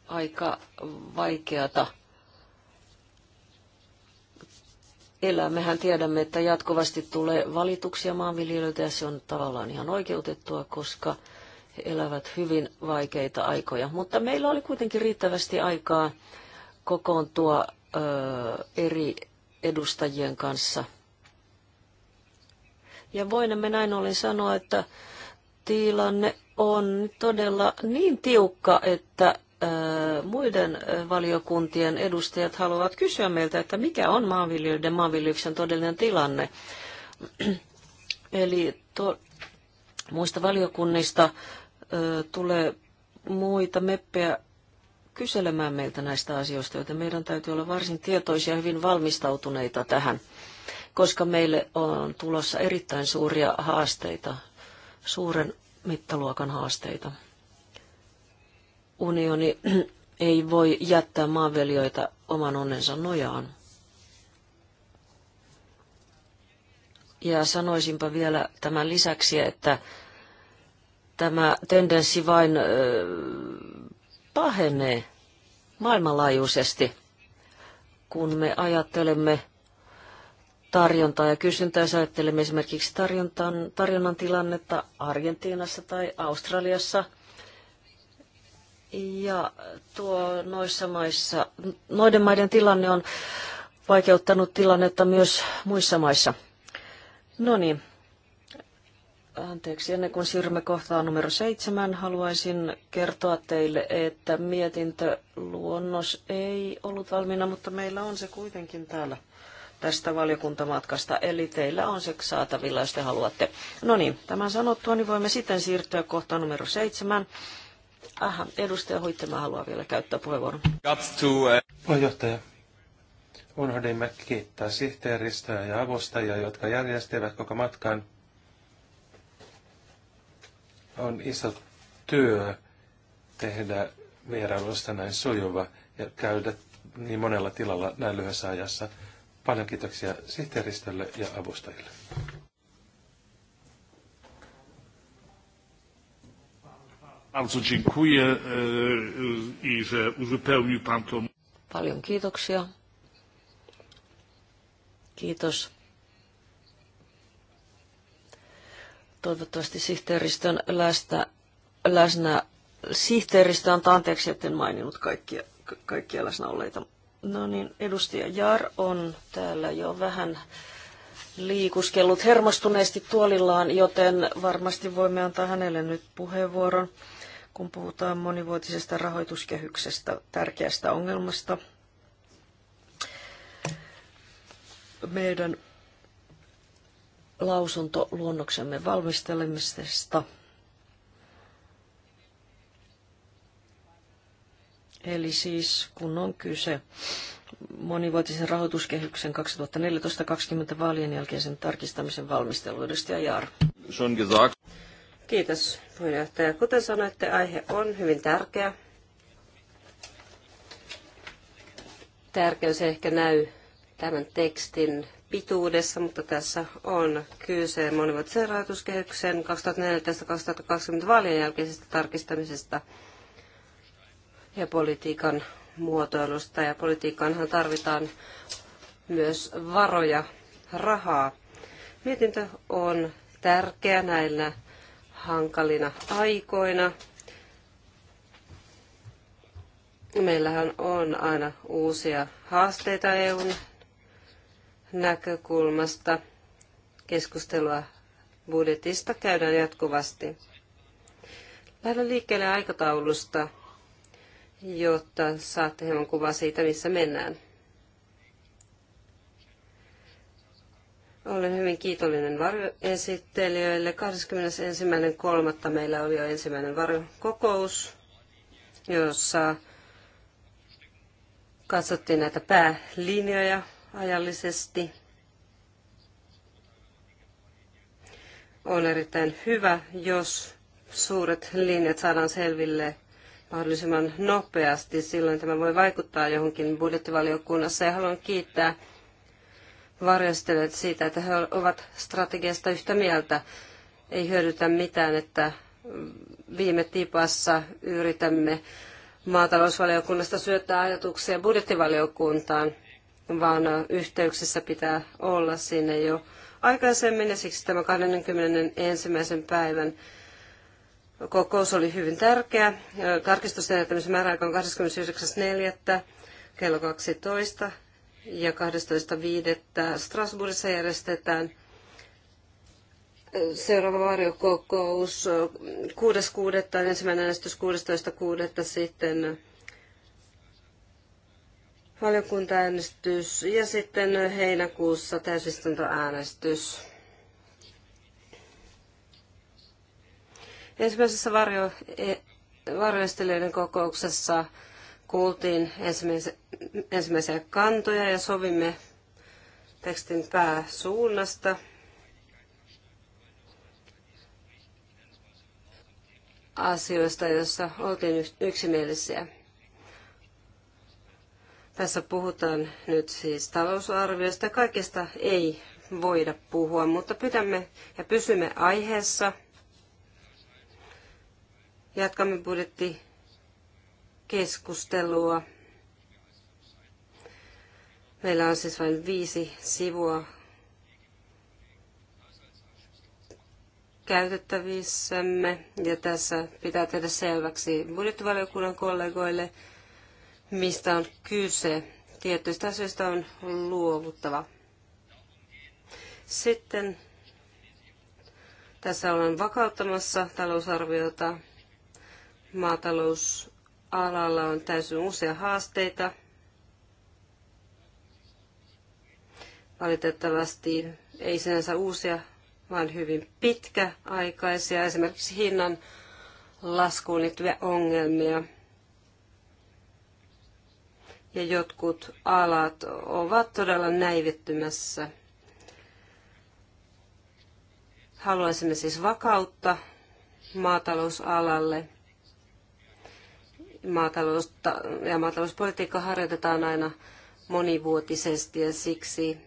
aika vaikeata elää. Mehän tiedämme, että jatkuvasti tulee valituksia maanviljelijöiltä ja se on tavallaan ihan oikeutettua, koska he elävät hyvin vaikeita aikoja. Mutta meillä oli kuitenkin riittävästi aikaa kokoontua ö, eri edustajien kanssa. Ja voinemme näin ollen sanoa, että tilanne on todella niin tiukka, että muiden valiokuntien edustajat haluavat kysyä meiltä, että mikä on maanviljelijöiden maanviljelyksen todellinen tilanne. Eli to, muista valiokunnista ö, tulee muita meppejä kyselemään meiltä näistä asioista, joten meidän täytyy olla varsin tietoisia ja hyvin valmistautuneita tähän, koska meille on tulossa erittäin suuria haasteita, suuren mittaluokan haasteita unioni ei voi jättää maanveljoita oman onnensa nojaan. Ja sanoisinpa vielä tämän lisäksi, että tämä tendenssi vain öö, pahenee maailmanlaajuisesti, kun me ajattelemme tarjontaa ja kysyntää, jos ajattelemme esimerkiksi tarjontan, tarjonnan tilannetta Argentiinassa tai Australiassa – ja tuo noissa maissa, noiden maiden tilanne on vaikeuttanut tilannetta myös muissa maissa. No niin, Anteeksi, ennen kuin siirrymme kohtaan numero seitsemän, haluaisin kertoa teille, että mietintöluonnos ei ollut valmiina, mutta meillä on se kuitenkin täällä tästä valiokuntamatkasta, eli teillä on se saatavilla, jos te haluatte. No niin, tämän sanottua, niin voimme sitten siirtyä kohtaan numero seitsemän, Aha, edustaja Huittema haluaa vielä käyttää puheenvuoron. Uh, Puheenjohtaja, unohdimme kiittää sihteeristöä ja avustajia, jotka järjestivät koko matkan. On iso työ tehdä vierailusta näin sujuva ja käydä niin monella tilalla näin lyhyessä ajassa. Paljon kiitoksia sihteeristölle ja avustajille. Bardzo dziękuję e, i że uzupełnił pan to. Paljon kiitoksia. Kiitos. Toivottavasti sihteeristön läsnä, läsnä sihteeristö antaa anteeksi, etten maininnut kaikkia, kaikkia läsnä olleita. No niin, edustaja Jar on täällä jo vähän liikuskellut hermostuneesti tuolillaan, joten varmasti voimme antaa hänelle nyt puheenvuoron kun puhutaan monivuotisesta rahoituskehyksestä, tärkeästä ongelmasta. Meidän lausunto luonnoksemme valmistelemisesta. Eli siis kun on kyse monivuotisen rahoituskehyksen 2014-2020 vaalien jälkeisen tarkistamisen valmisteluudesta ja Jaar. Kiitos puheenjohtaja. Kuten sanoitte, aihe on hyvin tärkeä. Tärkeys ei ehkä näy tämän tekstin pituudessa, mutta tässä on kyse monivuotisen rahoituskehyksen 2014-2020 vaalien jälkeisestä tarkistamisesta ja politiikan muotoilusta. Ja politiikkaanhan tarvitaan myös varoja, rahaa. Mietintö on tärkeä näillä hankalina aikoina. Meillähän on aina uusia haasteita EUn näkökulmasta. Keskustelua budjetista käydään jatkuvasti. Lähden liikkeelle aikataulusta, jotta saatte hieman kuvaa siitä, missä mennään. Olen hyvin kiitollinen varjoesittelijöille. 21.3. meillä oli jo ensimmäinen varjokokous, jossa katsottiin näitä päälinjoja ajallisesti. On erittäin hyvä, jos suuret linjat saadaan selville mahdollisimman nopeasti. Silloin tämä voi vaikuttaa johonkin budjettivaliokunnassa ja haluan kiittää varjostelleet siitä, että he ovat strategiasta yhtä mieltä. Ei hyödytä mitään, että viime tipassa yritämme maatalousvaliokunnasta syöttää ajatuksia budjettivaliokuntaan, vaan yhteyksissä pitää olla sinne jo aikaisemmin ja siksi tämä 21. päivän kokous oli hyvin tärkeä. Tarkistusten määräaika on 29.4. kello 12 ja 12.5. Strasbourgissa järjestetään seuraava varjokokous 6.6. ensimmäinen äänestys 16.6. sitten valiokuntaäänestys ja sitten heinäkuussa täysistuntoäänestys. Ensimmäisessä varjo, e-, varjoistelijoiden kokouksessa kuultiin ensimmäisen ensimmäisiä kantoja ja sovimme tekstin pääsuunnasta. asioista, joissa oltiin yksimielisiä. Tässä puhutaan nyt siis talousarviosta. Kaikesta ei voida puhua, mutta pidämme ja pysymme aiheessa. Jatkamme budjettikeskustelua. Meillä on siis vain viisi sivua käytettävissämme ja tässä pitää tehdä selväksi budjettivaliokunnan kollegoille, mistä on kyse. Tietyistä asioista on luovuttava. Sitten tässä ollaan vakauttamassa talousarviota. Maatalousalalla on täysin uusia haasteita – valitettavasti ei sinänsä uusia, vaan hyvin pitkäaikaisia, esimerkiksi hinnan laskuun liittyviä ongelmia. Ja jotkut alat ovat todella näivittymässä. Haluaisimme siis vakautta maatalousalalle. Maatalousta ja maatalouspolitiikka harjoitetaan aina monivuotisesti ja siksi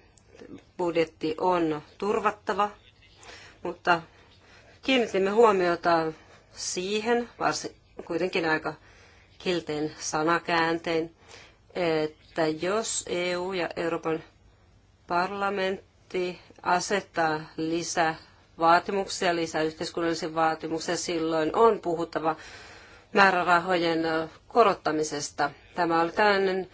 budjetti on turvattava, mutta kiinnitimme huomiota siihen, varsin kuitenkin aika kiltein sanakääntein, että jos EU ja Euroopan parlamentti asettaa lisää vaatimuksia, lisää yhteiskunnallisia vaatimuksia, silloin on puhuttava määrärahojen korottamisesta. Tämä oli tällainen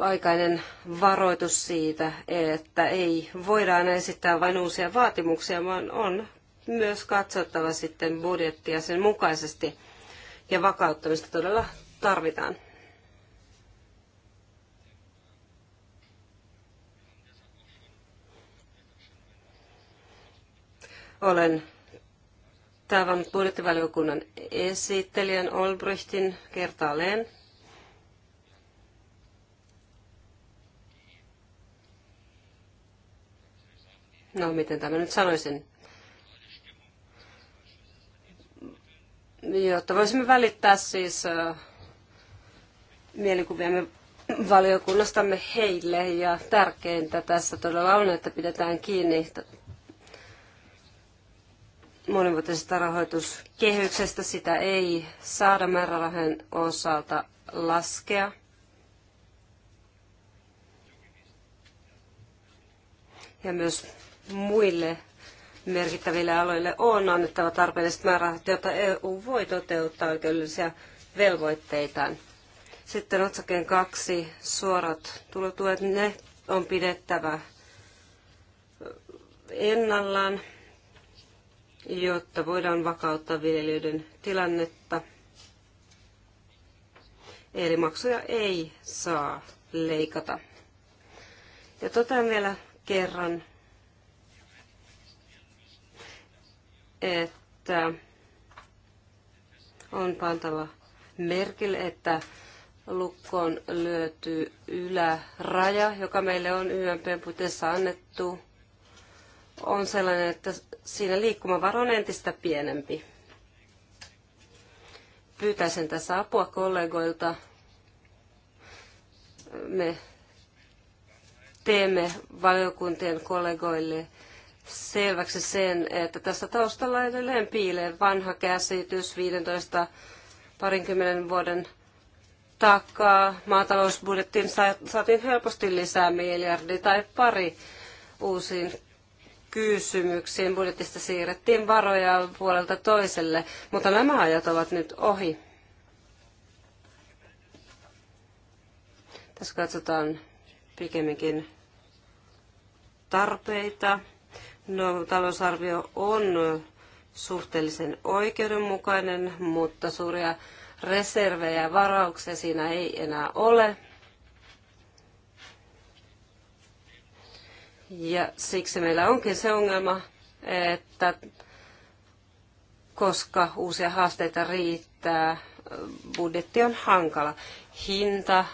aikainen varoitus siitä, että ei voida aina esittää vain uusia vaatimuksia, vaan on myös katsottava sitten budjettia sen mukaisesti. Ja vakauttamista todella tarvitaan. Olen tavannut budjettivaliokunnan esittelijän Olbrichtin kertaalleen no miten tämä nyt sanoisin, jotta voisimme välittää siis mielikuviamme valiokunnastamme heille. Ja tärkeintä tässä todella on, että pidetään kiinni monivuotisesta rahoituskehyksestä. Sitä ei saada määrärahojen osalta laskea. Ja myös muille merkittäville aloille on annettava tarpeelliset määrärahat, jotta EU voi toteuttaa oikeudellisia velvoitteitaan. Sitten otsakeen kaksi suorat tulotuet, ne on pidettävä ennallaan, jotta voidaan vakauttaa viljelijöiden tilannetta. Eli maksuja ei saa leikata. Ja totean vielä kerran, että on pantava merkille, että lukkoon lyöty yläraja, joka meille on YMPn puitteissa annettu, on sellainen, että siinä liikkumavara on entistä pienempi. Pyytäisin tässä apua kollegoilta. Me teemme valiokuntien kollegoille selväksi sen, että tässä taustalla edelleen piilee vanha käsitys 15 parinkymmenen vuoden takaa. Maatalousbudjettiin saatiin helposti lisää miljardi tai pari uusiin kysymyksiin. Budjetista siirrettiin varoja puolelta toiselle, mutta nämä ajat ovat nyt ohi. Tässä katsotaan pikemminkin tarpeita No, talousarvio on suhteellisen oikeudenmukainen, mutta suuria reservejä ja varauksia siinä ei enää ole. Ja siksi meillä onkin se ongelma, että koska uusia haasteita riittää, budjetti on hankala. Hinta,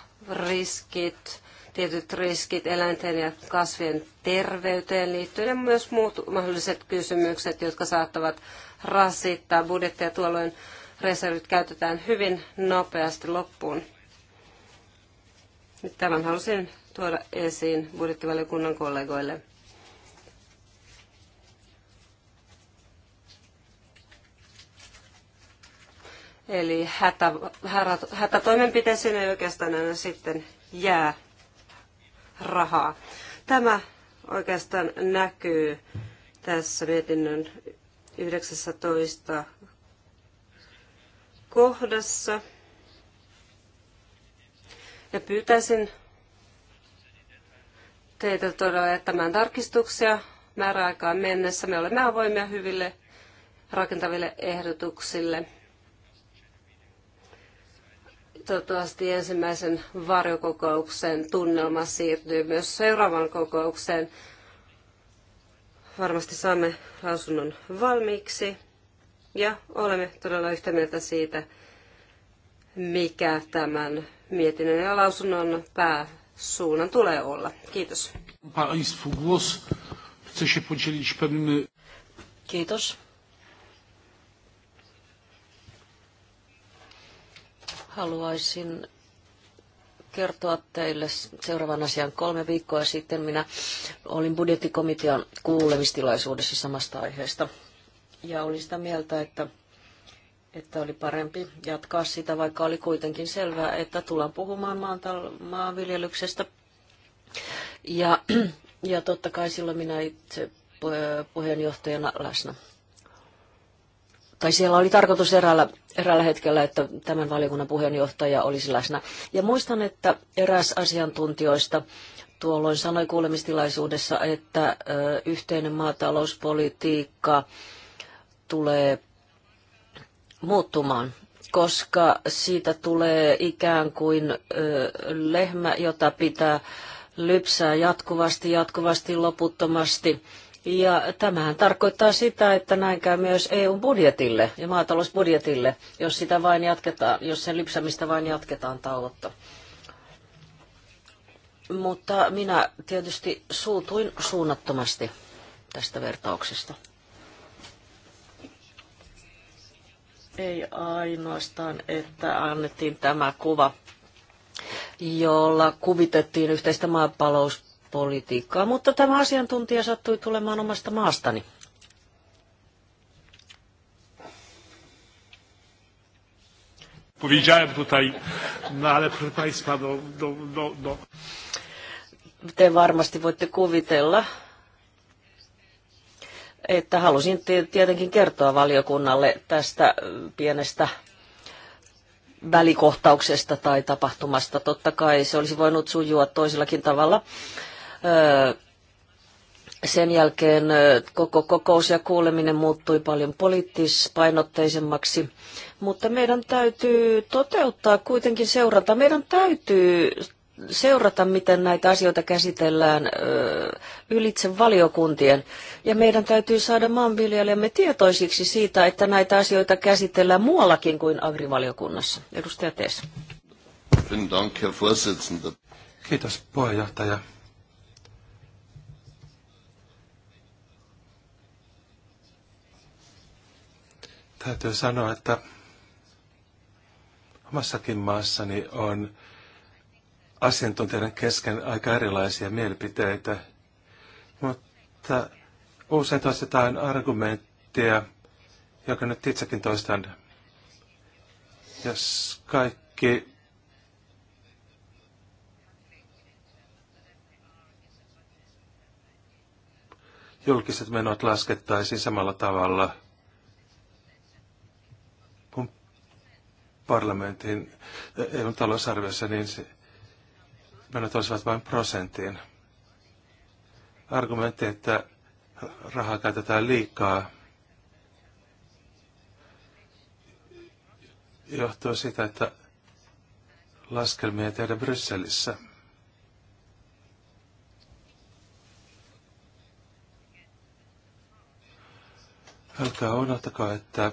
riskit, tietyt riskit eläinten ja kasvien terveyteen liittyen ja myös muut mahdolliset kysymykset, jotka saattavat rasittaa budjettia. Tuolloin reservit käytetään hyvin nopeasti loppuun. Nyt tämän halusin tuoda esiin budjettivaliokunnan kollegoille. Eli hätä, hätätoimenpiteisiin ei oikeastaan enää sitten jää rahaa. Tämä oikeastaan näkyy tässä mietinnön 19 kohdassa. Ja pyytäisin teitä todella jättämään tarkistuksia määräaikaan mennessä. Me olemme avoimia hyville rakentaville ehdotuksille. Toivottavasti ensimmäisen varjokokouksen tunnelma siirtyy myös seuraavaan kokoukseen. Varmasti saamme lausunnon valmiiksi ja olemme todella yhtä mieltä siitä, mikä tämän mietinnön ja lausunnon pääsuunnan tulee olla. Kiitos. Kiitos. Haluaisin kertoa teille seuraavan asian. Kolme viikkoa sitten minä olin budjettikomitean kuulemistilaisuudessa samasta aiheesta. Ja olin sitä mieltä, että, että oli parempi jatkaa sitä, vaikka oli kuitenkin selvää, että tullaan puhumaan maantal- maanviljelyksestä. Ja, ja totta kai silloin minä itse puheenjohtajana läsnä tai siellä oli tarkoitus eräällä, eräällä hetkellä, että tämän valiokunnan puheenjohtaja olisi läsnä. Ja muistan, että eräs asiantuntijoista tuolloin sanoi kuulemistilaisuudessa, että ö, yhteinen maatalouspolitiikka tulee muuttumaan, koska siitä tulee ikään kuin ö, lehmä, jota pitää lypsää jatkuvasti, jatkuvasti, loputtomasti ja tämähän tarkoittaa sitä, että näin käy myös EUn budjetille ja maatalousbudjetille, jos sitä vain jatketaan, jos sen lypsämistä vain jatketaan tauotta. Mutta minä tietysti suutuin suunnattomasti tästä vertauksesta. Ei ainoastaan, että annettiin tämä kuva, jolla kuvitettiin yhteistä maapalous, politiikkaa, mutta tämä asiantuntija sattui tulemaan omasta maastani. Powiedziałem tutaj, no ale proszę Państwa, no, no, no, no. Te varmasti voitte kuvitella, että halusin tietenkin kertoa valiokunnalle tästä pienestä välikohtauksesta tai tapahtumasta. Totta kai se olisi voinut sujua toisellakin tavalla sen jälkeen koko kokous ja kuuleminen muuttui paljon poliittispainotteisemmaksi, mutta meidän täytyy toteuttaa kuitenkin seuranta. Meidän täytyy seurata, miten näitä asioita käsitellään ylitse valiokuntien. Ja meidän täytyy saada maanviljelijämme tietoisiksi siitä, että näitä asioita käsitellään muuallakin kuin agrivaliokunnassa. Edustaja Tees. Kiitos puheenjohtaja. Täytyy sanoa, että omassakin maassani on asiantuntijoiden kesken aika erilaisia mielipiteitä, mutta usein toistetaan argumenttia, joka nyt itsekin toistan. Jos kaikki julkiset menot laskettaisiin samalla tavalla – parlamentin eh, EU talousarviossa, niin se, menot olisivat vain prosenttiin. Argumentti, että rahaa käytetään liikaa, johtuu siitä, että laskelmia tehdään Brysselissä. Älkää unohtakaa, että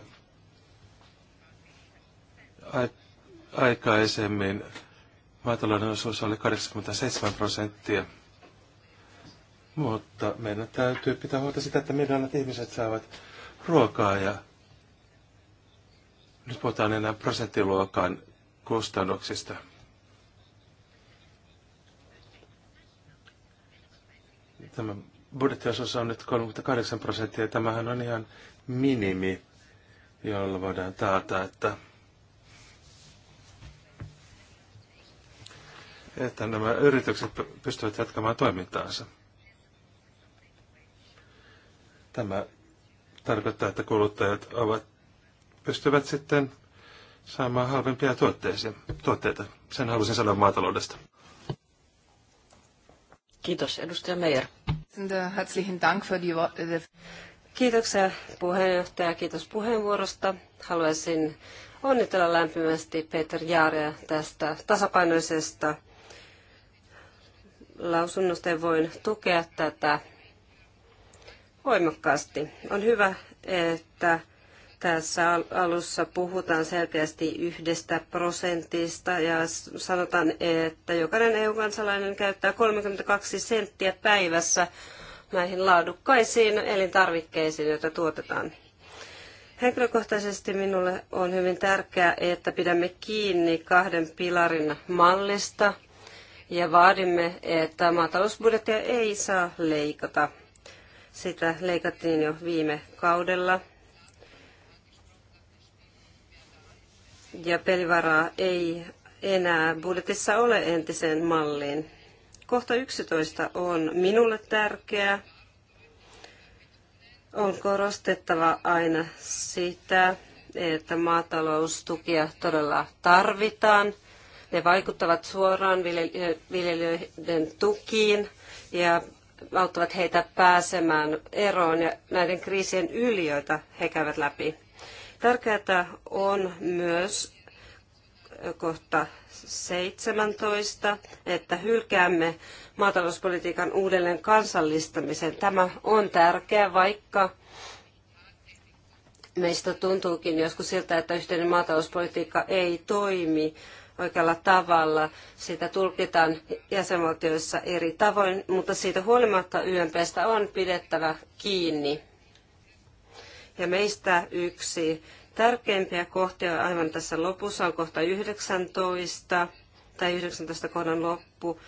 aikaisemmin maatalouden osuus oli 87 prosenttia. Mutta meidän täytyy pitää huolta sitä, että miljoonat ihmiset saavat ruokaa ja nyt puhutaan enää prosenttiluokan kustannuksista. Tämä budjettiosuus on nyt 38 prosenttia. Tämähän on ihan minimi, jolla voidaan taata, että että nämä yritykset pystyvät jatkamaan toimintaansa. Tämä tarkoittaa, että kuluttajat ovat, pystyvät sitten saamaan halvempia tuotteita. Sen halusin sanoa maataloudesta. Kiitos, edustaja Meijer. Herzlichen Dank für äh, die Kiitoksia puheenjohtaja, kiitos puheenvuorosta. Haluaisin onnitella lämpimästi Peter Jaaria tästä tasapainoisesta lausunnosta ja voin tukea tätä voimakkaasti. On hyvä, että tässä alussa puhutaan selkeästi yhdestä prosentista ja sanotaan, että jokainen EU-kansalainen käyttää 32 senttiä päivässä näihin laadukkaisiin elintarvikkeisiin, joita tuotetaan. Henkilökohtaisesti minulle on hyvin tärkeää, että pidämme kiinni kahden pilarin mallista – ja vaadimme, että maatalousbudjettia ei saa leikata. Sitä leikattiin jo viime kaudella. Ja pelivaraa ei enää budjetissa ole entiseen malliin. Kohta 11 on minulle tärkeä. On korostettava aina sitä, että maataloustukia todella tarvitaan – ne vaikuttavat suoraan viljelijöiden tukiin ja auttavat heitä pääsemään eroon ja näiden kriisien yli, joita he käyvät läpi. Tärkeää on myös kohta 17, että hylkäämme maatalouspolitiikan uudelleen kansallistamisen. Tämä on tärkeä, vaikka meistä tuntuukin joskus siltä, että yhteinen maatalouspolitiikka ei toimi oikealla tavalla. Sitä tulkitaan jäsenvaltioissa eri tavoin, mutta siitä huolimatta YMPstä on pidettävä kiinni. Ja meistä yksi tärkeimpiä kohtia aivan tässä lopussa on kohta 19 tai 19 kohdan loppu,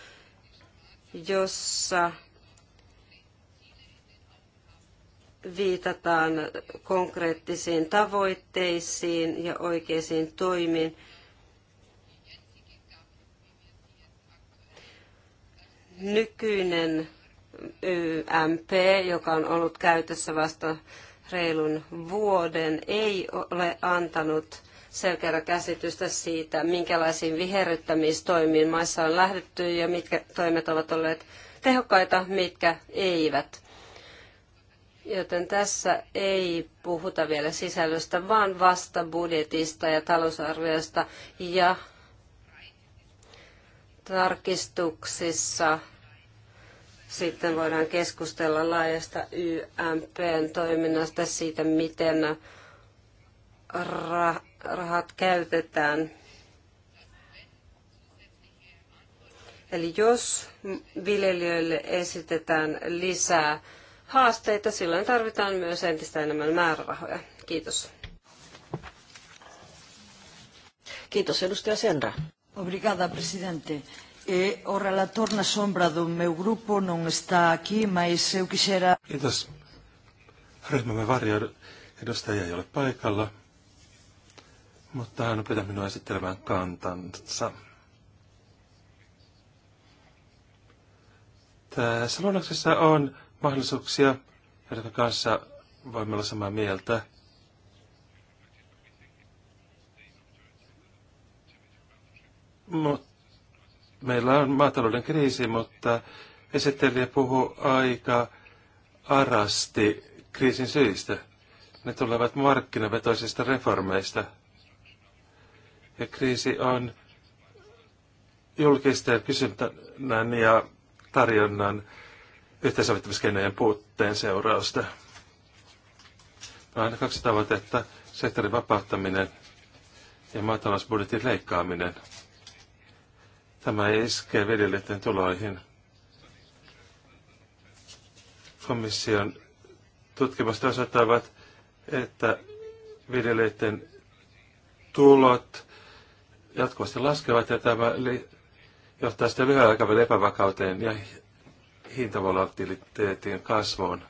jossa viitataan konkreettisiin tavoitteisiin ja oikeisiin toimiin, nykyinen YMP, joka on ollut käytössä vasta reilun vuoden, ei ole antanut selkeää käsitystä siitä, minkälaisiin viherryttämistoimiin maissa on lähdetty ja mitkä toimet ovat olleet tehokkaita, mitkä eivät. Joten tässä ei puhuta vielä sisällöstä, vaan vasta budjetista ja talousarviosta ja tarkistuksissa sitten voidaan keskustella laajasta YMPn toiminnasta siitä, miten rahat käytetään. Eli jos viljelijöille esitetään lisää haasteita, silloin tarvitaan myös entistä enemmän määrärahoja. Kiitos. Kiitos edustaja Senra. Obrigada, Presidente. E, o relator na sombra do meu grupo non está aquí, mas eu quixera... Ryhmämme varjo edustaja ei ole paikalla, mutta hän pitää minua esittelemään kantansa. Tässä luonnoksessa on mahdollisuuksia, joiden kanssa voimme olla samaa mieltä. meillä on maatalouden kriisi, mutta esittelijä puhuu aika arasti kriisin syistä. Ne tulevat markkinavetoisista reformeista. Ja kriisi on julkisten kysyntän ja tarjonnan yhteensovittamiskeinojen puutteen seurausta. Aina kaksi tavoitetta, sektorin vapauttaminen ja maatalousbudjetin leikkaaminen. Tämä ei iske viljelijöiden tuloihin. Komission tutkimukset osoittavat, että viljelijöiden tulot jatkuvasti laskevat ja tämä johtaa sitten lyhyen aikavälin epävakauteen ja hintavolatiliteetin kasvuun.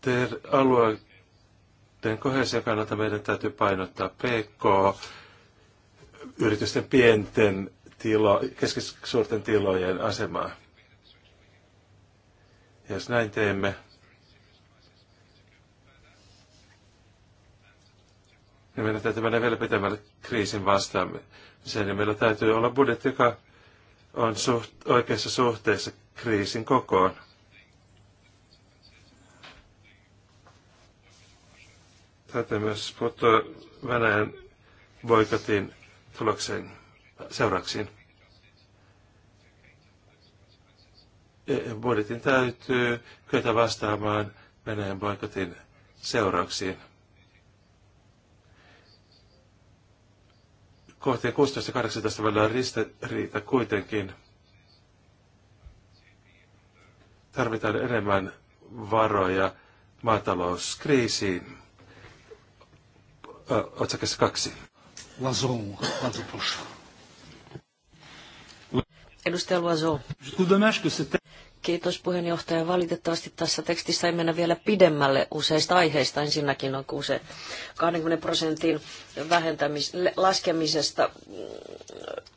Ter- alueiden kohdallisen kannalta meidän täytyy painottaa PK- yritysten pienten tilo, keskisuurten tilojen asemaa. Ja jos näin teemme, niin meidän täytyy mennä vielä pitämällä kriisin vastaamiseen. Ja meillä täytyy olla budjetti, joka on suht, oikeassa suhteessa kriisin kokoon. Täytyy myös puuttua Venäjän boikotin tulokseen seurauksiin. E, budjetin täytyy kyetä vastaamaan Venäjän boikotin seurauksiin. kohteen 16-18 välillä on ristiriita kuitenkin. Tarvitaan enemmän varoja maatalouskriisiin. Otsakessa kaksi. Łazon, bardzo proszę. Edustaja Luazo. Kiitos puheenjohtaja. Valitettavasti tässä tekstissä ei mennä vielä pidemmälle useista aiheista. Ensinnäkin on kuuse 20 prosentin vähentämis- laskemisesta mm,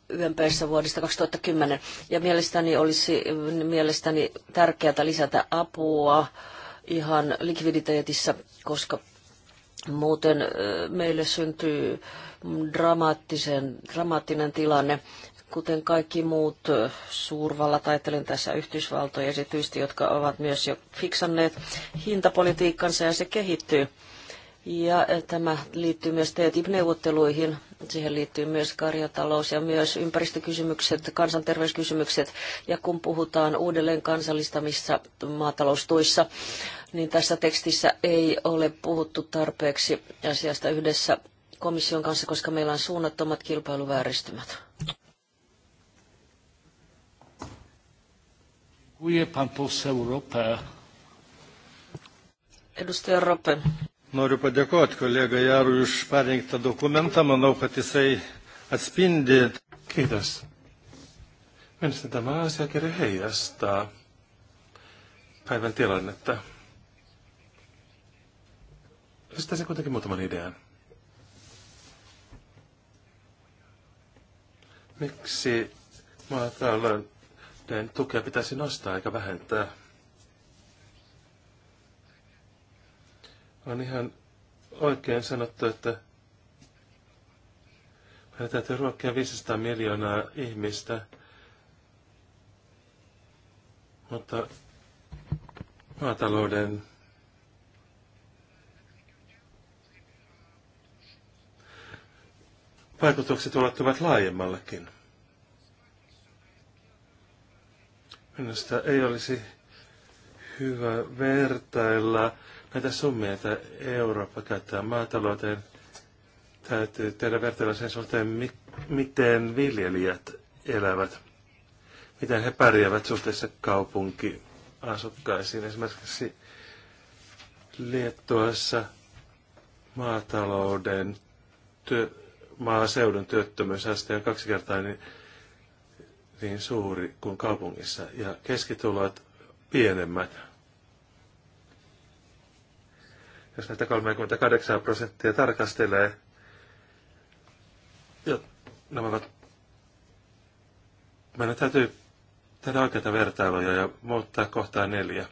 YMPssä vuodesta 2010. Ja mielestäni olisi mielestäni tärkeää lisätä apua ihan likviditeetissä, koska Muuten meille syntyy dramaattisen, dramaattinen tilanne, kuten kaikki muut suurvallat, ajattelen tässä Yhdysvaltoja esityisesti, jotka ovat myös jo fiksanneet hintapolitiikkansa ja se kehittyy. Ja tämä liittyy myös TTIP-neuvotteluihin. Siihen liittyy myös karjatalous ja myös ympäristökysymykset, kansanterveyskysymykset. Ja kun puhutaan uudelleen kansallistamissa maataloustuissa, niin tässä tekstissä ei ole puhuttu tarpeeksi asiasta yhdessä komission kanssa, koska meillä on suunnattomat kilpailuvääristymät. Edustaja Rope. Noriu padėkoti kollega Jarui už parengtą dokumentą. Manau, kad jisai atspindi. Kitas. Mielestäni tämä asiakirja heijastaa päivän tilannetta. Esittäisin kuitenkin muutaman idean. Miksi maatalouden tukea pitäisi nostaa eikä vähentää? On ihan oikein sanottu, että meidän täytyy ruokkia 500 miljoonaa ihmistä, mutta maatalouden vaikutukset ulottuvat laajemmallekin. Minusta ei olisi hyvä vertailla näitä summia, että Eurooppa käyttää maatalouteen, täytyy tehdä vertailla sen suhteen, mi- miten viljelijät elävät, miten he pärjäävät suhteessa kaupunkiasukkaisiin. Esimerkiksi Liettuassa maatalouden työ, maaseudun työttömyysaste on kaksi kertaa niin, niin suuri kuin kaupungissa ja keskitulot pienemmät jos näitä 38 prosenttia tarkastelee, ja nämä ovat, meidän täytyy tehdä oikeita vertailuja ja muuttaa kohtaa neljä.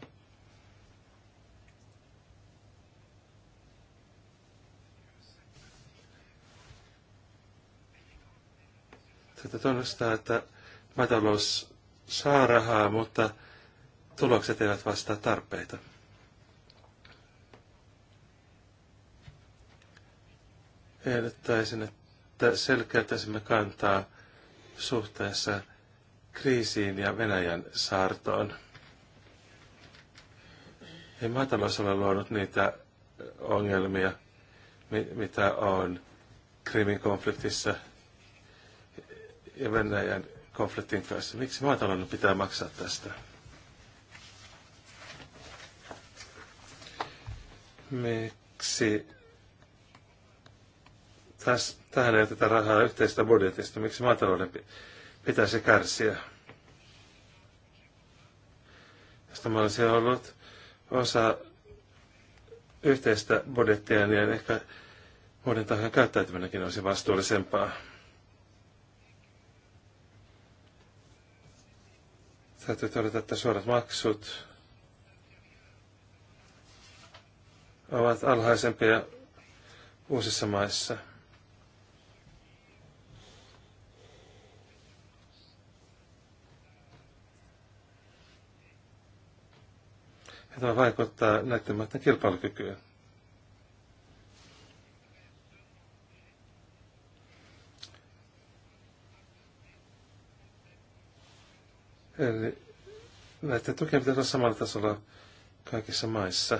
Tätä tunnustaa, että maatalous saa rahaa, mutta tulokset eivät vastaa tarpeita. ehdottaisin, että selkeytäisimme kantaa suhteessa kriisiin ja Venäjän saartoon. Ei maatalous ole luonut niitä ongelmia, mitä on Krimin konfliktissa ja Venäjän konfliktin kanssa. Miksi maatalouden pitää maksaa tästä? Miksi Täs, tähän ei tätä rahaa yhteistä budjetista. Miksi maatalouden pitäisi kärsiä? Tästä mä olisin ollut osa yhteistä budjettia, niin ehkä muiden tahojen käyttäytyminenkin olisi vastuullisempaa. Täytyy todeta, että suorat maksut ovat alhaisempia uusissa maissa. ja tämä vaikuttaa näiden maiden kilpailukykyyn. Eli näiden tukien pitäisi olla samalla tasolla kaikissa maissa.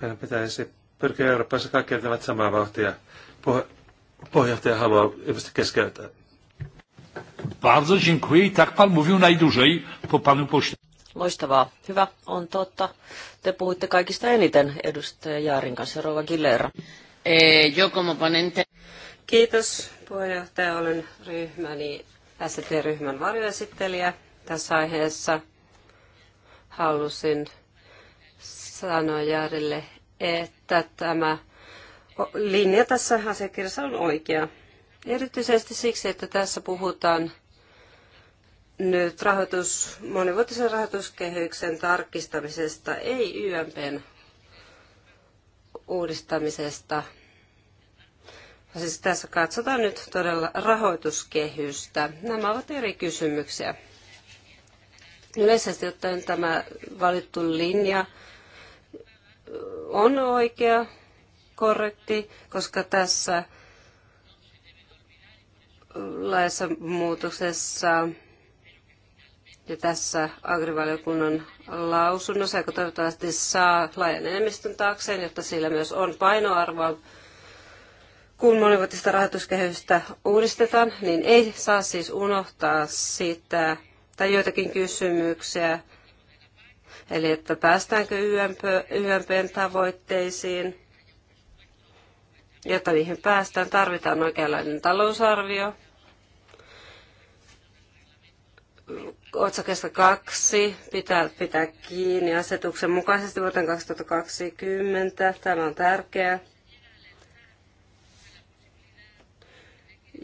Meidän pitäisi pyrkiä Euroopassa kaikki tekevät samaa vauhtia. Puheenjohtaja haluaa ilmeisesti keskeyttää. Bardzo dziękuję i tak pan mówił najdłużej po panu pośle. Loistavaa. Hyvä, on totta. Te puhuitte kaikista eniten edustaja Jaarin kanssa, Rova Gilera. Eh, Kiitos puheenjohtaja. Olen ryhmäni ST-ryhmän varjoesittelijä tässä aiheessa. Halusin sanoa Jaarille, että tämä linja tässä asiakirjassa on oikea. Erityisesti siksi, että tässä puhutaan nyt rahoitus, monivuotisen rahoituskehyksen tarkistamisesta, ei YMPn uudistamisesta. Siis tässä katsotaan nyt todella rahoituskehystä. Nämä ovat eri kysymyksiä. Yleisesti ottaen tämä valittu linja on oikea, korrekti, koska tässä laissa muutoksessa ja tässä agrivaliokunnan lausunnossa, joka toivottavasti saa laajan enemmistön taakseen, jotta sillä myös on painoarvoa, kun monivuotista rahoituskehystä uudistetaan, niin ei saa siis unohtaa sitä tai joitakin kysymyksiä, eli että päästäänkö YMP, YMPn tavoitteisiin, Jotta niihin päästään, tarvitaan oikeanlainen talousarvio. Otsakesta kaksi pitää pitää kiinni asetuksen mukaisesti vuoteen 2020. Tämä on tärkeää.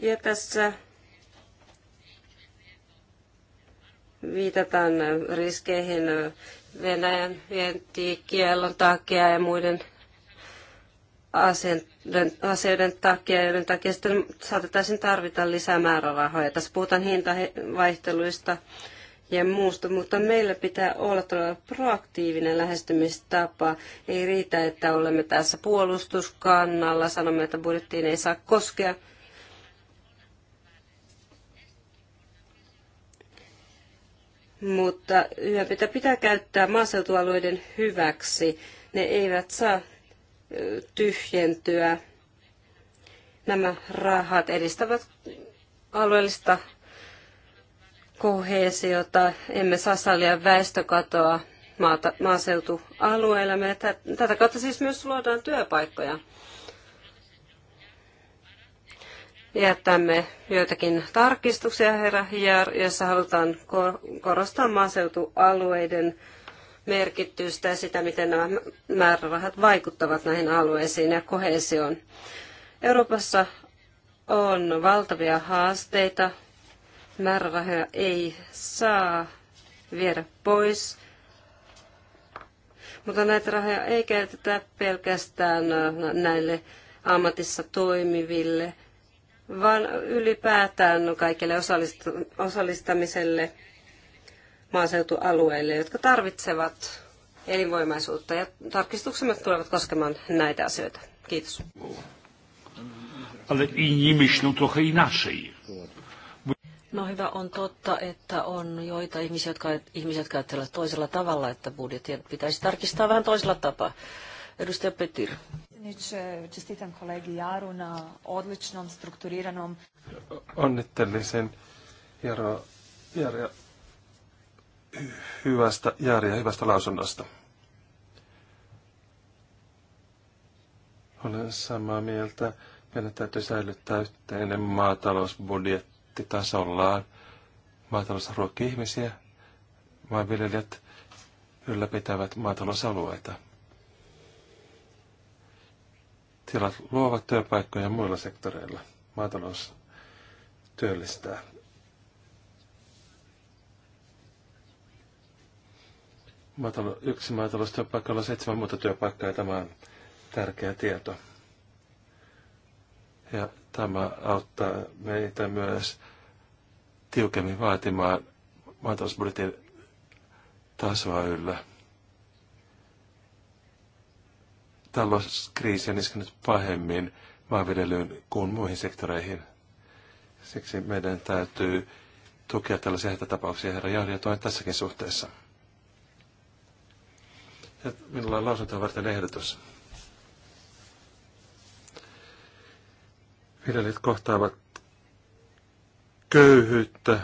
Ja tässä viitataan riskeihin Venäjän vientikiellon takia ja muiden asioiden, asioiden takia, joiden takia sitten saatettaisiin tarvita lisää määrärahoja. Tässä puhutaan hintavaihteluista ja muusta, mutta meillä pitää olla todella proaktiivinen lähestymistapa. Ei riitä, että olemme tässä puolustuskannalla, sanomme, että budjettiin ei saa koskea. Mutta yhä pitää, pitää käyttää maaseutualueiden hyväksi. Ne eivät saa tyhjentyä. Nämä rahat edistävät alueellista kohesiota, emme saa sallia väestökatoa maata, maaseutualueilla. Tätä kautta siis myös luodaan työpaikkoja. Jätämme joitakin tarkistuksia, herra Jaar, jossa halutaan korostaa maaseutualueiden merkitystä ja sitä, miten nämä määrärahat vaikuttavat näihin alueisiin ja kohesioon. Euroopassa on valtavia haasteita. Määrärahoja ei saa viedä pois. Mutta näitä rahoja ei käytetä pelkästään näille ammatissa toimiville, vaan ylipäätään kaikille osallistamiselle maaseutualueille, jotka tarvitsevat elinvoimaisuutta. Ja tarkistuksemme tulevat koskemaan näitä asioita. Kiitos. No hyvä on totta, että on joita ihmisiä, jotka, ihmiset ajattelevat toisella tavalla, että budjetti pitäisi tarkistaa vähän toisella tapaa. Edustaja Petir. Čestitam kolegi Jaru na odličnom strukturiranom... Onnittelisin Jaro, Jaro hyvästä ja hyvästä lausunnosta. Olen samaa mieltä. Meidän täytyy säilyttää yhteinen maatalousbudjetti tasollaan. Maatalous ruokkii ihmisiä. Maanviljelijät ylläpitävät maatalousalueita. Tilat luovat työpaikkoja muilla sektoreilla. Maatalous työllistää. maatalo, yksi maataloustyöpaikalla on seitsemän muuta työpaikkaa ja tämä on tärkeä tieto. Ja tämä auttaa meitä myös tiukemmin vaatimaan maatalousbudjetin tasoa yllä. Talouskriisi on iskenyt pahemmin maanviljelyyn kuin muihin sektoreihin. Siksi meidän täytyy tukea tällaisia tapauksia herra Jahdia ja tässäkin suhteessa minulla on lausuntoa varten ehdotus. Viljelijät kohtaavat köyhyyttä.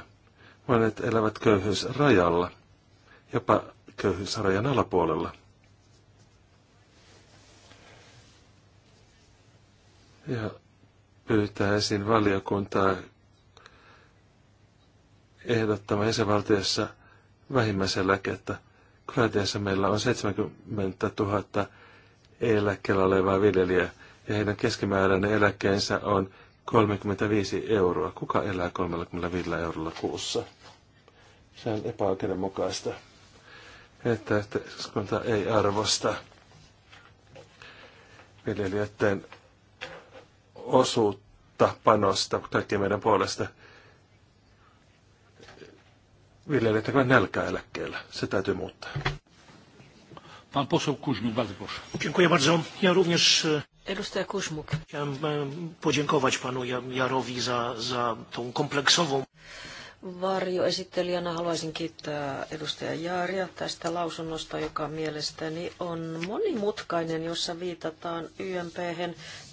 Monet elävät köyhyysrajalla, jopa köyhyysrajan alapuolella. Ja pyytäisin valiokuntaa ehdottamaan jäsenvaltiossa vähimmäiseläkettä Kroatiassa meillä on 70 000 eläkkeellä olevaa viljelijää ja heidän keskimääräinen eläkkeensä on 35 euroa. Kuka elää 35 eurolla kuussa? Se on epäoikeudenmukaista, että yhteiskunta ei arvosta viljelijöiden osuutta panosta kaikkien meidän puolesta – viljelijät tekevät nälkäeläkkeellä. Se täytyy muuttaa. Pan poseł Kuzmuk, bardzo proszę. Dziękuję bardzo. Ja również e, Edustaja Kuźmuk. Chciałem e, podziękować panu Jarowi za, za tą kompleksową Varjoesittelijänä haluaisin kiittää edustaja Jaaria tästä lausunnosta, joka mielestäni on monimutkainen, jossa viitataan ymp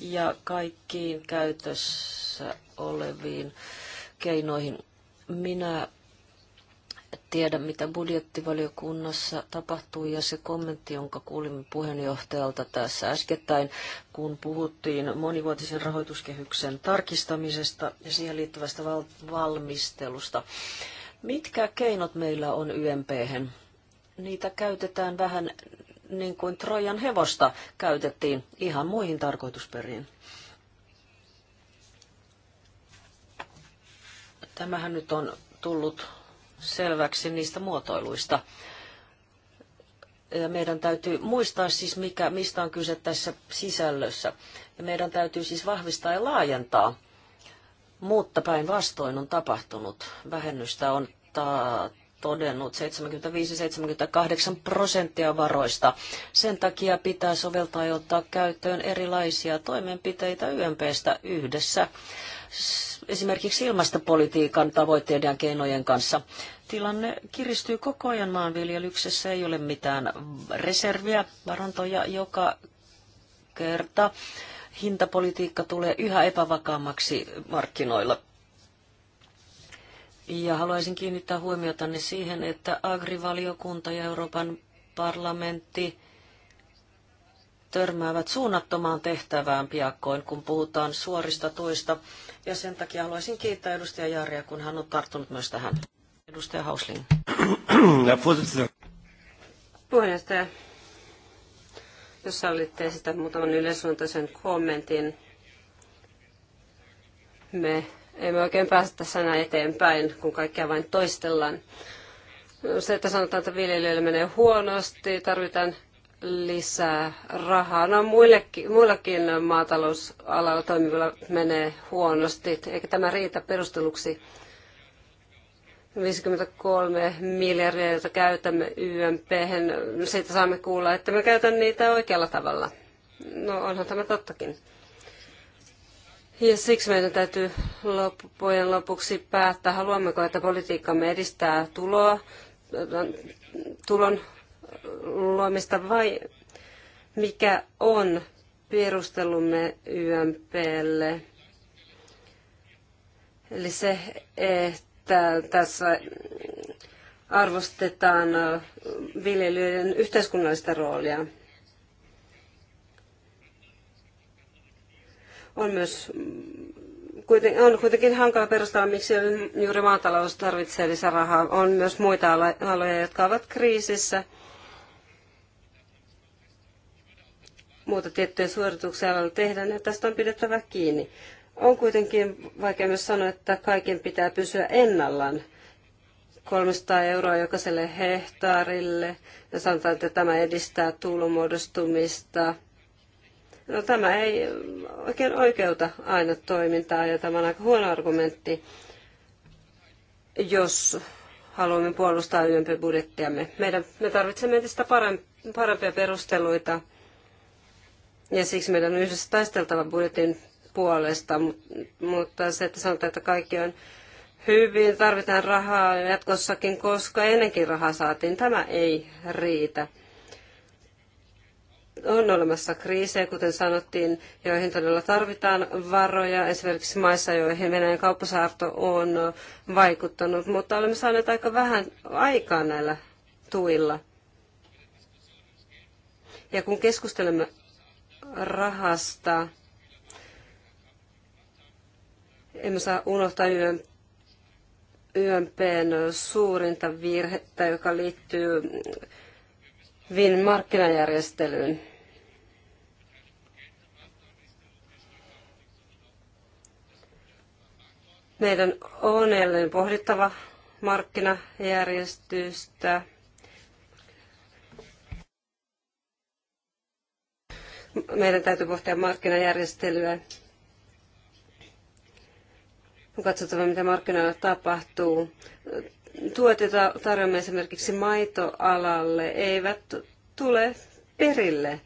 ja kaikkiin käytössä oleviin keinoihin. Minä tiedä, mitä budjettivaliokunnassa tapahtuu, ja se kommentti, jonka kuulimme puheenjohtajalta tässä äskettäin, kun puhuttiin monivuotisen rahoituskehyksen tarkistamisesta ja siihen liittyvästä val- valmistelusta. Mitkä keinot meillä on ymp -hän? Niitä käytetään vähän niin kuin Trojan hevosta käytettiin ihan muihin tarkoitusperiin. Tämähän nyt on tullut selväksi niistä muotoiluista. Ja meidän täytyy muistaa siis, mikä, mistä on kyse tässä sisällössä. Ja meidän täytyy siis vahvistaa ja laajentaa. mutta päinvastoin on tapahtunut. Vähennystä on ta- todennut 75-78 prosenttia varoista. Sen takia pitää soveltaa ja ottaa käyttöön erilaisia toimenpiteitä YMPstä yhdessä esimerkiksi ilmastopolitiikan tavoitteiden ja keinojen kanssa. Tilanne kiristyy koko ajan maanviljelyksessä, ei ole mitään reserviä, varantoja joka kerta. Hintapolitiikka tulee yhä epävakaammaksi markkinoilla. Ja haluaisin kiinnittää huomiotanne siihen, että agrivaliokunta ja Euroopan parlamentti törmäävät suunnattomaan tehtävään piakkoin, kun puhutaan suorista tuista. Ja sen takia haluaisin kiittää edustaja Jaria, kun hän on tarttunut myös tähän. Edustaja Hausling. Puheenjohtaja, jos sallitte esittää muutaman yleisuuntaisen kommentin. Me emme oikein pääse tässä enää eteenpäin, kun kaikkea vain toistellaan. Se, että sanotaan, että viljelijöille menee huonosti, tarvitaan lisää rahaa. No muillekin, muillakin maatalousalalla toimivilla menee huonosti, eikä tämä riitä perusteluksi 53 miljardia, jota käytämme YMP, no, siitä saamme kuulla, että me käytämme niitä oikealla tavalla. No onhan tämä tottakin. Ja siksi meidän täytyy loppujen lopuksi päättää, haluammeko, että politiikkamme edistää tuloa, tulon luomista vai mikä on perustelumme YMPlle? Eli se, että tässä arvostetaan viljelyiden yhteiskunnallista roolia. On myös on kuitenkin hankala perustella, miksi juuri maatalous tarvitsee lisärahaa. On myös muita aloja, jotka ovat kriisissä. muuta tiettyjä suorituksia alalla tehdä, niin tästä on pidettävä kiinni. On kuitenkin vaikea myös sanoa, että kaiken pitää pysyä ennallaan. 300 euroa jokaiselle hehtaarille, ja sanotaan, että tämä edistää tuulomuodostumista. No tämä ei oikein oikeuta aina toimintaa, ja tämä on aika huono argumentti, jos haluamme puolustaa YMP-budjettiamme. Meidän, me tarvitsemme entistä parempia perusteluita ja siksi meidän on yhdessä taisteltava budjetin puolesta, mutta se, että sanotaan, että kaikki on hyvin, tarvitaan rahaa jatkossakin, koska ennenkin rahaa saatiin, tämä ei riitä. On olemassa kriisejä, kuten sanottiin, joihin todella tarvitaan varoja, esimerkiksi maissa, joihin Venäjän kauppasaarto on vaikuttanut, mutta olemme saaneet aika vähän aikaa näillä tuilla. Ja kun keskustelemme rahasta. Emme saa unohtaa yön YMPn suurinta virhettä, joka liittyy VIN markkinajärjestelyyn. Meidän on edelleen pohdittava markkinajärjestystä. Meidän täytyy pohtia markkinajärjestelyä. On katsottava, mitä markkinoilla tapahtuu. Tuot, joita tarjoamme esimerkiksi maitoalalle, eivät tule perille.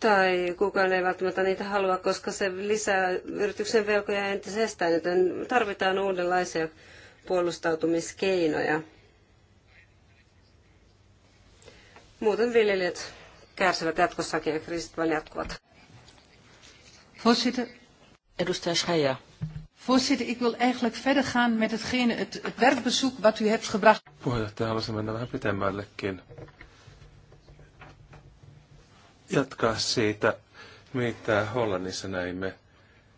tai kukaan ei välttämättä niitä halua, koska se lisää yrityksen velkoja entisestään, joten tarvitaan uudenlaisia puolustautumiskeinoja. Muuten viljelijät kärsivät jatkossakin ja kriisit vain jatkuvat. Voorzitter. Edustaja Schreier. Voorzitter, ik wil eigenlijk verder gaan met hetgene, het, het werkbezoek wat u hebt gebracht. Puheenjohtaja, haluaisin mennä vähän pitemmällekin. Jatkaa siitä, mitä Hollannissa näimme.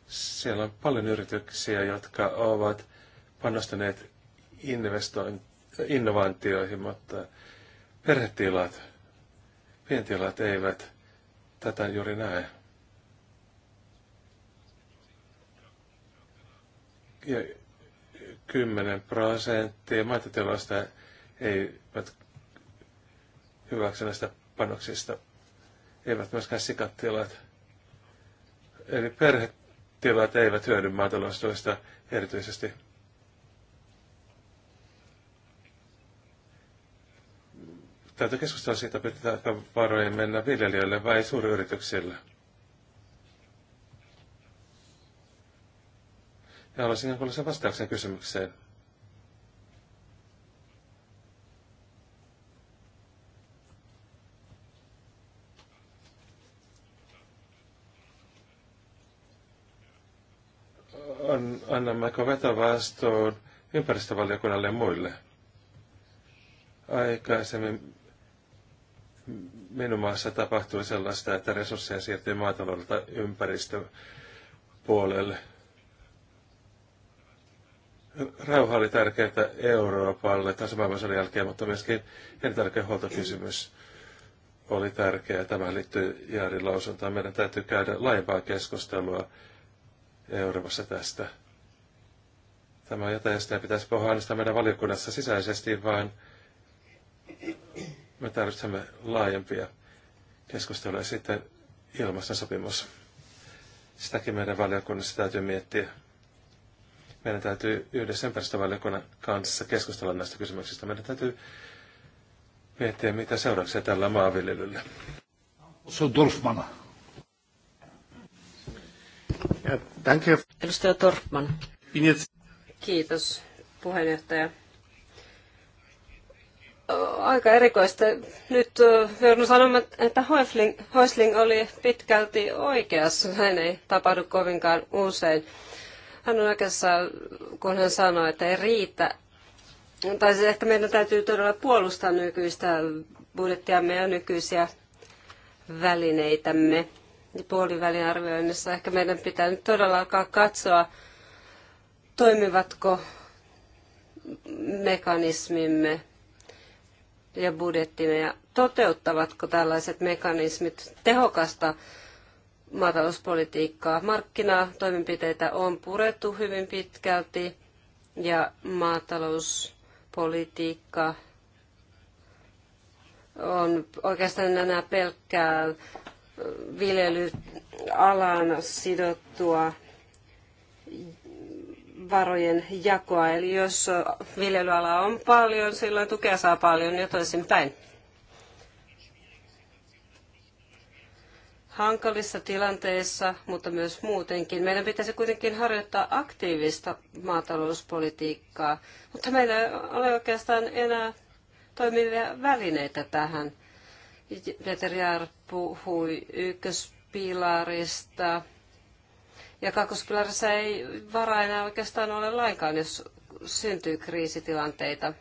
Siellä on paljon yrityksiä, jotka ovat panostaneet investoin, innovaatioihin, mutta perhetilat vientialat eivät tätä juuri näe. Ja 10 prosenttia maitotiloista eivät hyväksy näistä panoksista, eivät myöskään sikatilat. Eli perhetilat eivät hyödy maataloustuista erityisesti. täytyy keskustella siitä, pitääkö varojen mennä viljelijöille vai suuryrityksille. Ja haluaisin jonkunlaisen vastauksen kysymykseen. annammeko vetovastuun ympäristövaliokunnalle ja muille? Aikaisemmin minun maassa tapahtui sellaista, että resursseja siirtyi maataloudelta ympäristöpuolelle. Rauha oli tärkeää Euroopalle toisen jälkeen, mutta myöskin elintarvikehuoltokysymys oli tärkeä. Tämä liittyy Jaarin lausuntaan. Meidän täytyy käydä laajempaa keskustelua Euroopassa tästä. Tämä on jotain, josta pitäisi pohjaa meidän valiokunnassa sisäisesti, vaan me tarvitsemme laajempia keskusteluja sitten ilmastosopimus. Sitäkin meidän valiokunnassa täytyy miettiä. Meidän täytyy yhdessä ympäristövaliokunnan kanssa keskustella näistä kysymyksistä. Meidän täytyy miettiä, mitä seurauksia tällä maanviljelyllä. Dorfman. Edustaja Torfman. Kiitos puheenjohtaja aika erikoista. Nyt joudun sanomaan, että Häusling, Häusling oli pitkälti oikeassa. Hän ei tapahdu kovinkaan usein. Hän on oikeastaan, kun hän sanoi, että ei riitä. Tai siis ehkä meidän täytyy todella puolustaa nykyistä budjettiamme ja nykyisiä välineitämme. Ja puolivälin arvioinnissa ehkä meidän pitää nyt todella alkaa katsoa, toimivatko mekanismimme ja budjettimme ja toteuttavatko tällaiset mekanismit tehokasta maatalouspolitiikkaa. Markkinatoimenpiteitä on purettu hyvin pitkälti ja maatalouspolitiikka on oikeastaan enää pelkkää viljelyalan sidottua varojen jakoa. Eli jos viljelyala on paljon, silloin tukea saa paljon ja toisinpäin. hankalissa tilanteissa, mutta myös muutenkin. Meidän pitäisi kuitenkin harjoittaa aktiivista maatalouspolitiikkaa, mutta meillä ei ole oikeastaan enää toimivia välineitä tähän. Peter Jarp puhui ykköspilarista, ja kakkospilarissa ei varaa enää oikeastaan ole lainkaan, jos syntyy kriisitilanteita.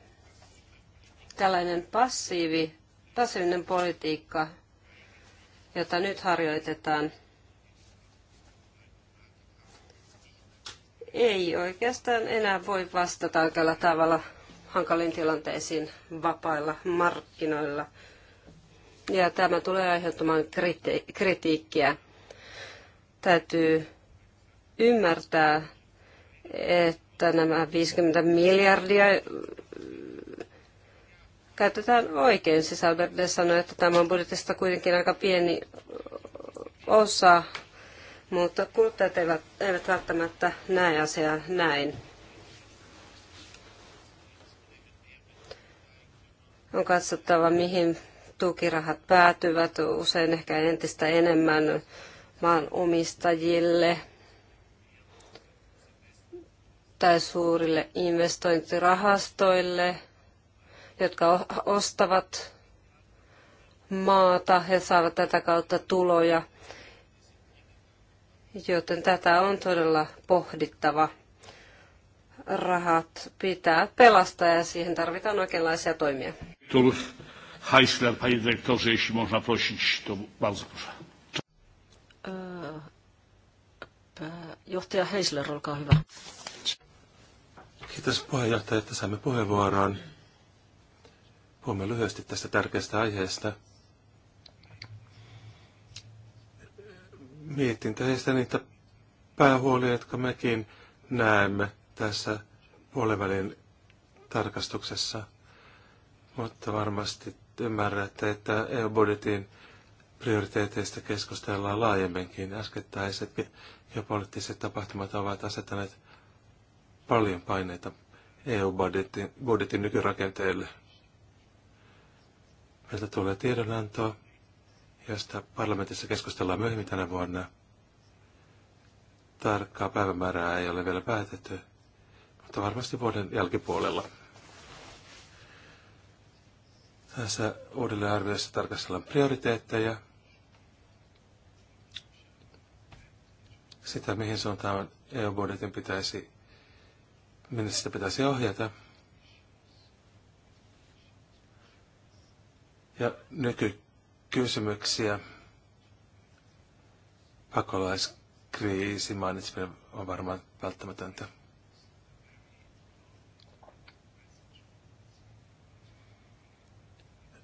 Tällainen passiivi, passiivinen politiikka, jota nyt harjoitetaan, ei oikeastaan enää voi vastata oikealla tavalla hankalin tilanteisiin vapailla markkinoilla. Ja tämä tulee aiheuttamaan kriti- kritiikkiä. Täytyy ymmärtää, että nämä 50 miljardia käytetään oikein. Siis Alberde sanoi, että tämä on budjetista kuitenkin aika pieni osa, mutta kuluttajat eivät, eivät välttämättä näe asiaa näin. On katsottava, mihin tukirahat päätyvät, usein ehkä entistä enemmän maanomistajille – erittäin suurille investointirahastoille, jotka ostavat maata ja saavat tätä kautta tuloja. Joten tätä on todella pohdittava. Rahat pitää pelastaa ja siihen tarvitaan oikeanlaisia toimia. Heisler, panie dyrektorze, jeśli można prosić, to bardzo proszę. Johtaja Heisler, olkaa hyvä. Kiitos puheenjohtaja, että saimme puheenvuoron. Puhumme lyhyesti tästä tärkeästä aiheesta. Mietin teistä niitä päähuolia, jotka mekin näemme tässä puolivälin tarkastuksessa. Mutta varmasti ymmärrätte, että EU-budjetin prioriteeteista keskustellaan laajemminkin. Äskettäiset geopoliittiset tapahtumat ovat asettaneet paljon paineita EU-budjetin budjetin nykyrakenteelle. Meiltä tulee tiedonantoa, josta parlamentissa keskustellaan myöhemmin tänä vuonna. Tarkkaa päivämäärää ei ole vielä päätetty, mutta varmasti vuoden jälkipuolella. Tässä uudelleenarvioissa tarkastellaan prioriteetteja, sitä mihin suuntaan EU-budjetin pitäisi minne sitä pitäisi ohjata. Ja nykykysymyksiä. Pakolaiskriisi mainitseminen on varmaan välttämätöntä.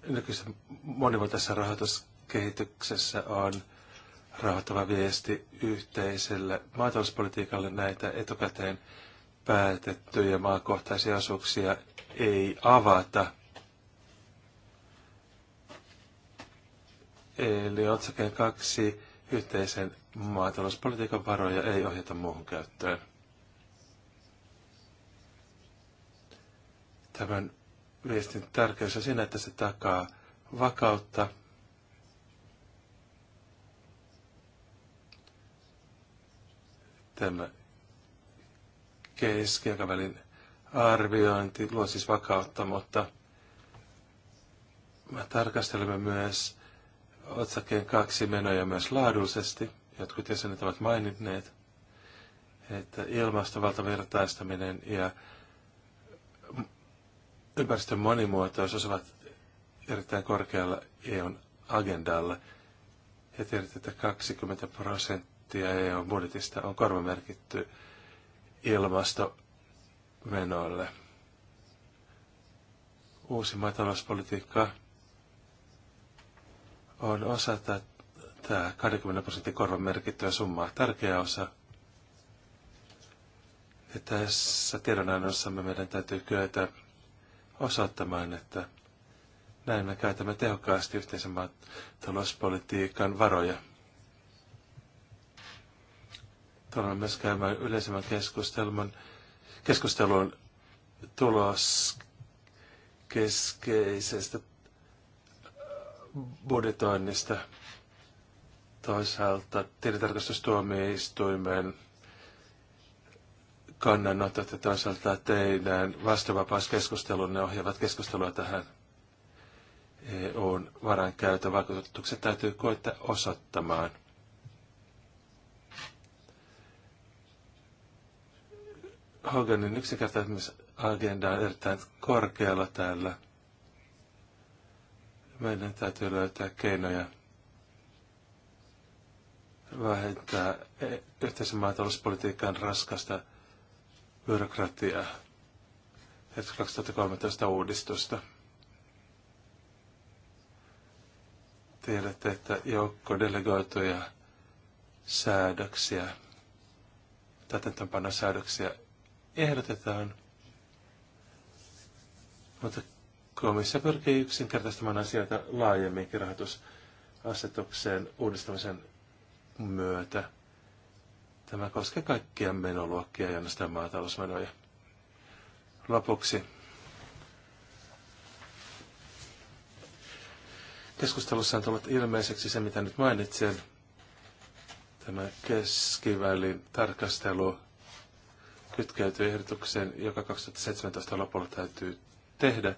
Nykyisessä monivuotisessa rahoituskehityksessä on rahoittava viesti yhteiselle maatalouspolitiikalle näitä etukäteen päätettyjä maakohtaisia osuuksia ei avata. Eli otsakeen kaksi yhteisen maatalouspolitiikan varoja ei ohjata muuhun käyttöön. Tämän viestin tärkeys on siinä, että se takaa vakautta tämä keskiaikavälin arviointi luo siis vakautta, mutta me tarkastelemme myös otsakkeen kaksi menoja myös laadullisesti. Jotkut jäsenet ovat maininneet, että ilmastovaltavirtaistaminen ja ympäristön monimuotoisuus ovat erittäin korkealla EUn agendalla. Ja tiedät, että 20 prosenttia EUn budjetista on korvamerkitty merkitty ilmastomenoille. Uusi maatalouspolitiikka on osa tätä 20 prosentin korvan merkittyä summaa. Tärkeä osa. Ja tässä tiedonannossamme meidän täytyy kyetä osoittamaan, että näin me käytämme tehokkaasti yhteisen maatalouspolitiikan varoja tullaan myös käymään yleisemmän keskustelun, keskustelun tuloskeskeisestä budjetoinnista. Toisaalta tilintarkastustuomioistuimen kannanotot ja toisaalta teidän vastuuvapauskeskustelunne ohjaavat keskustelua tähän EUn varankäytön vaikutukset täytyy koittaa osoittamaan – Hoganin yksinkertaisagenda on erittäin korkealla täällä. Meidän täytyy löytää keinoja vähentää e- yhteisen maatalouspolitiikan raskasta byrokratiaa. 2013 uudistusta. Tiedätte, että joukko delegoituja säädöksiä, täytäntöönpanosäädöksiä ehdotetaan, mutta komissio pyrkii yksinkertaistamaan asioita laajemminkin rahoitusasetukseen uudistamisen myötä. Tämä koskee kaikkia menoluokkia ja ainoastaan maatalousmenoja. Lopuksi keskustelussa on tullut ilmeiseksi se, mitä nyt mainitsin, tämä keskivälin tarkastelu kytkeytyy ehdotukseen, joka 2017 lopulla täytyy tehdä.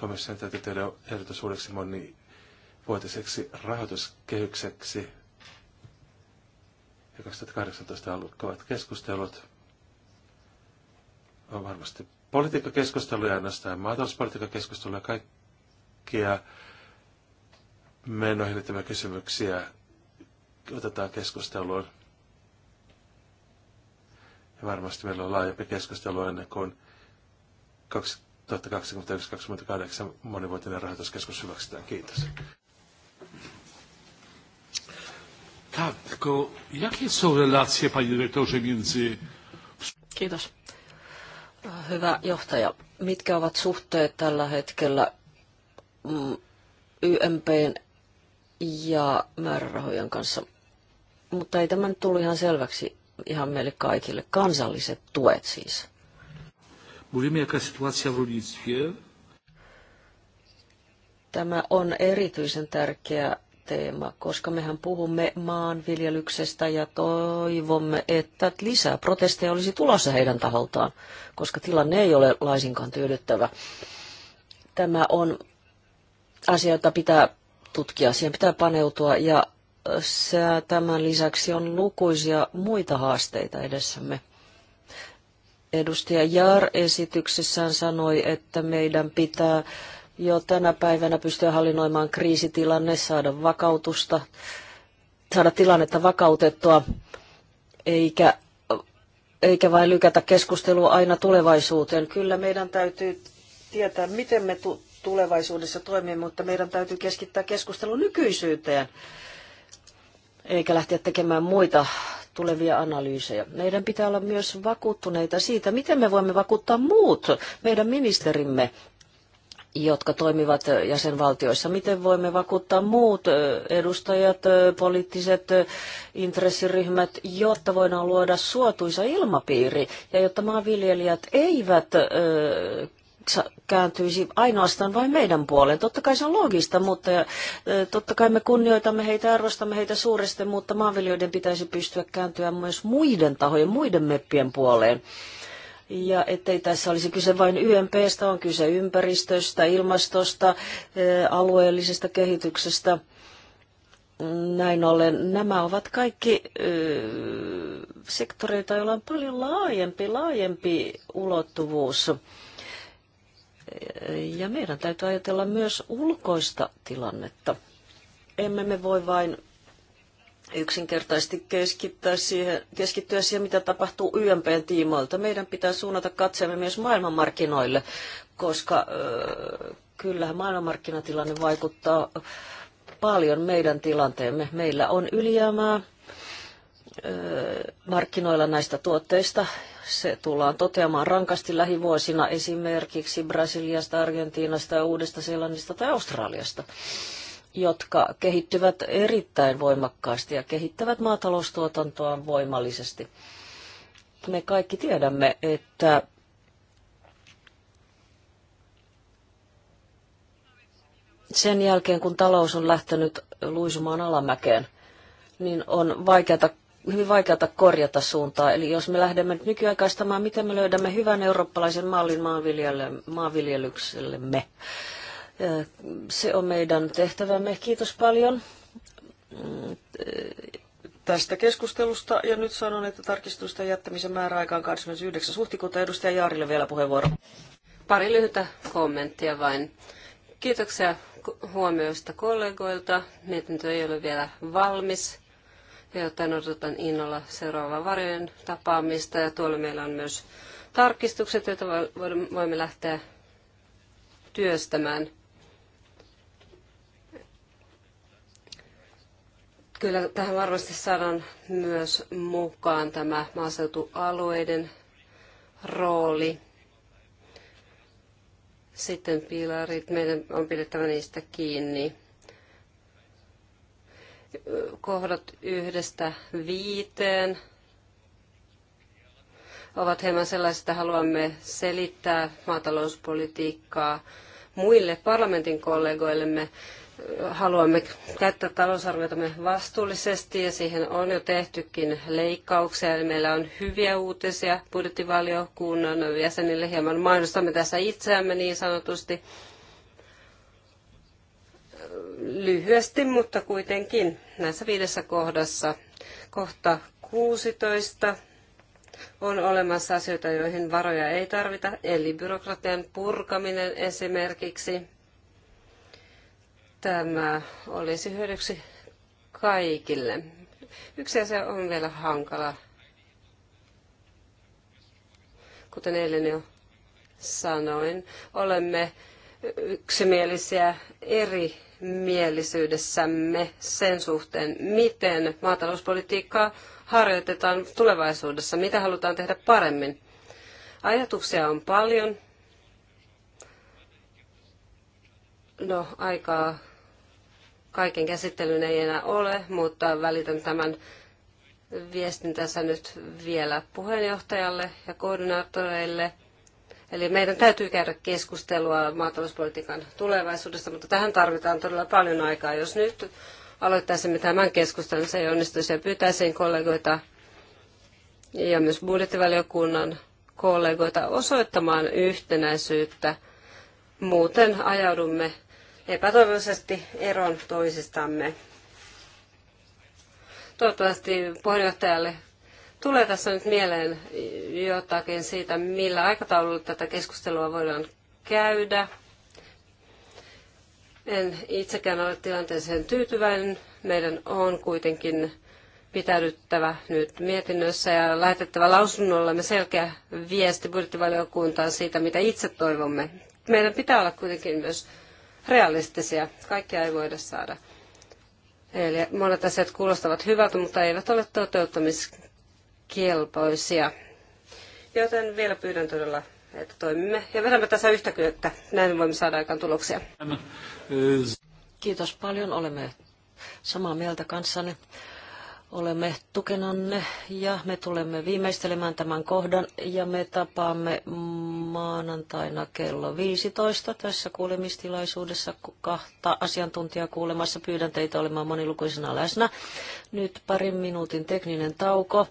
Komission täytyy tehdä ehdotus uudeksi monivuotiseksi rahoituskehykseksi. Ja 2018 alkavat keskustelut on varmasti politiikkakeskusteluja, ainoastaan maatalouspolitiikkakeskusteluja, kaikkia menoihin liittyviä kysymyksiä otetaan keskusteluun. Ja varmasti meillä on laajempi keskustelu ennen kuin 2021-2028 monivuotinen rahoituskeskus hyväksytään. Kiitos. Tak, jakie są relacje, panie dyrektorze, między... Kiitos. Hyvä johtaja. Mitkä ovat suhteet tällä hetkellä mm, YMPn ja määrärahojen kanssa? Mutta ei tämä nyt tullut ihan selväksi ihan meille kaikille. Kansalliset tuet siis. Mówimy, jaka sytuacja w rolnictwie. Tämä on erityisen tärkeä teema, koska mehän puhumme maanviljelyksestä ja toivomme, että lisää protesteja olisi tulossa heidän taholtaan, koska tilanne ei ole laisinkaan tyydyttävä. Tämä on asia, jota pitää tutkia, siihen pitää paneutua ja tämän lisäksi on lukuisia muita haasteita edessämme. Edustaja Jaar esityksessään sanoi, että meidän pitää jo tänä päivänä pystyä hallinnoimaan kriisitilanne, saada vakautusta, saada tilannetta vakautettua, eikä, eikä vain lykätä keskustelua aina tulevaisuuteen. Kyllä meidän täytyy tietää, miten me tulevaisuudessa toimimme, mutta meidän täytyy keskittää keskustelu nykyisyyteen eikä lähteä tekemään muita tulevia analyysejä. Meidän pitää olla myös vakuuttuneita siitä, miten me voimme vakuuttaa muut meidän ministerimme jotka toimivat jäsenvaltioissa. Miten voimme vakuuttaa muut edustajat, poliittiset intressiryhmät, jotta voidaan luoda suotuisa ilmapiiri ja jotta maanviljelijät eivät kääntyisi ainoastaan vain meidän puoleen. Totta kai se on loogista, mutta totta kai me kunnioitamme heitä arvostamme heitä suuresti, mutta maanviljoiden pitäisi pystyä kääntyä myös muiden tahojen, muiden meppien puoleen. Ja ettei tässä olisi kyse vain YMPstä, on kyse ympäristöstä, ilmastosta, alueellisesta kehityksestä. Näin ollen nämä ovat kaikki sektoreita, joilla on paljon laajempi, laajempi ulottuvuus. Ja meidän täytyy ajatella myös ulkoista tilannetta. Emme me voi vain yksinkertaisesti keskittää siihen, keskittyä siihen, mitä tapahtuu YMPn tiimoilta. Meidän pitää suunnata katseemme myös maailmanmarkkinoille, koska kyllähän maailmanmarkkinatilanne vaikuttaa paljon meidän tilanteemme. Meillä on ylijäämää markkinoilla näistä tuotteista, se tullaan toteamaan rankasti lähivuosina esimerkiksi Brasiliasta, Argentiinasta ja Uudesta Seelannista tai Australiasta, jotka kehittyvät erittäin voimakkaasti ja kehittävät maataloustuotantoa voimallisesti. Me kaikki tiedämme, että sen jälkeen kun talous on lähtenyt luisumaan alamäkeen, niin on vaikeata hyvin vaikeata korjata suuntaa. Eli jos me lähdemme nyt nykyaikaistamaan, miten me löydämme hyvän eurooppalaisen mallin maanviljelyksellemme. Se on meidän tehtävämme. Kiitos paljon tästä keskustelusta. Ja nyt sanon, että tarkistusta jättämisen määräaika on 29. huhtikuuta. Edustaja Jaarille vielä puheenvuoro. Pari lyhyttä kommenttia vain. Kiitoksia huomioista kollegoilta. Mietintö ei ole vielä valmis joten odotan innolla seuraavaa varjojen tapaamista ja tuolla meillä on myös tarkistukset, joita voimme lähteä työstämään. Kyllä tähän varmasti saadaan myös mukaan tämä maaseutualueiden rooli. Sitten pilarit, meidän on pidettävä niistä kiinni kohdat yhdestä viiteen ovat hieman sellaisia, että haluamme selittää maatalouspolitiikkaa muille parlamentin kollegoillemme. Haluamme käyttää talousarviotamme vastuullisesti ja siihen on jo tehtykin leikkauksia. Eli meillä on hyviä uutisia budjettivaliokunnan jäsenille hieman mainostamme tässä itseämme niin sanotusti lyhyesti, mutta kuitenkin näissä viidessä kohdassa. Kohta 16 on olemassa asioita, joihin varoja ei tarvita, eli byrokratian purkaminen esimerkiksi. Tämä olisi hyödyksi kaikille. Yksi asia on vielä hankala. Kuten eilen jo sanoin, olemme yksimielisiä eri yksimielisyydessämme sen suhteen, miten maatalouspolitiikkaa harjoitetaan tulevaisuudessa, mitä halutaan tehdä paremmin. Ajatuksia on paljon. No, aikaa kaiken käsittelyyn ei enää ole, mutta välitän tämän viestin tässä nyt vielä puheenjohtajalle ja koordinaattoreille – Eli meidän täytyy käydä keskustelua maatalouspolitiikan tulevaisuudesta, mutta tähän tarvitaan todella paljon aikaa. Jos nyt aloittaisimme tämän keskustelun, niin se ei onnistuisi ja pyytäisin kollegoita ja myös budjettivaliokunnan kollegoita osoittamaan yhtenäisyyttä. Muuten ajaudumme epätoivoisesti eron toisistamme. Toivottavasti puheenjohtajalle Tulee tässä nyt mieleen jotakin siitä, millä aikataululla tätä keskustelua voidaan käydä. En itsekään ole tilanteeseen tyytyväinen. Meidän on kuitenkin pitäydyttävä nyt mietinnössä ja lähetettävä lausunnollemme selkeä viesti budjettivaliokuntaan siitä, mitä itse toivomme. Meidän pitää olla kuitenkin myös realistisia. Kaikkia ei voida saada. Eli monet asiat kuulostavat hyvältä, mutta eivät ole toteuttamis kelpoisia. Joten vielä pyydän todella, että toimimme ja vedämme tässä yhtä kyyttä. Näin voimme saada aikaan tuloksia. Kiitos paljon. Olemme samaa mieltä kanssanne. Olemme tukenanne ja me tulemme viimeistelemään tämän kohdan ja me tapaamme maanantaina kello 15 tässä kuulemistilaisuudessa kahta asiantuntijaa kuulemassa. Pyydän teitä olemaan monilukuisena läsnä. Nyt parin minuutin tekninen tauko.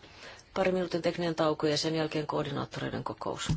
Pari minuutin tekninen tauko ja sen jälkeen koordinaattoreiden kokous.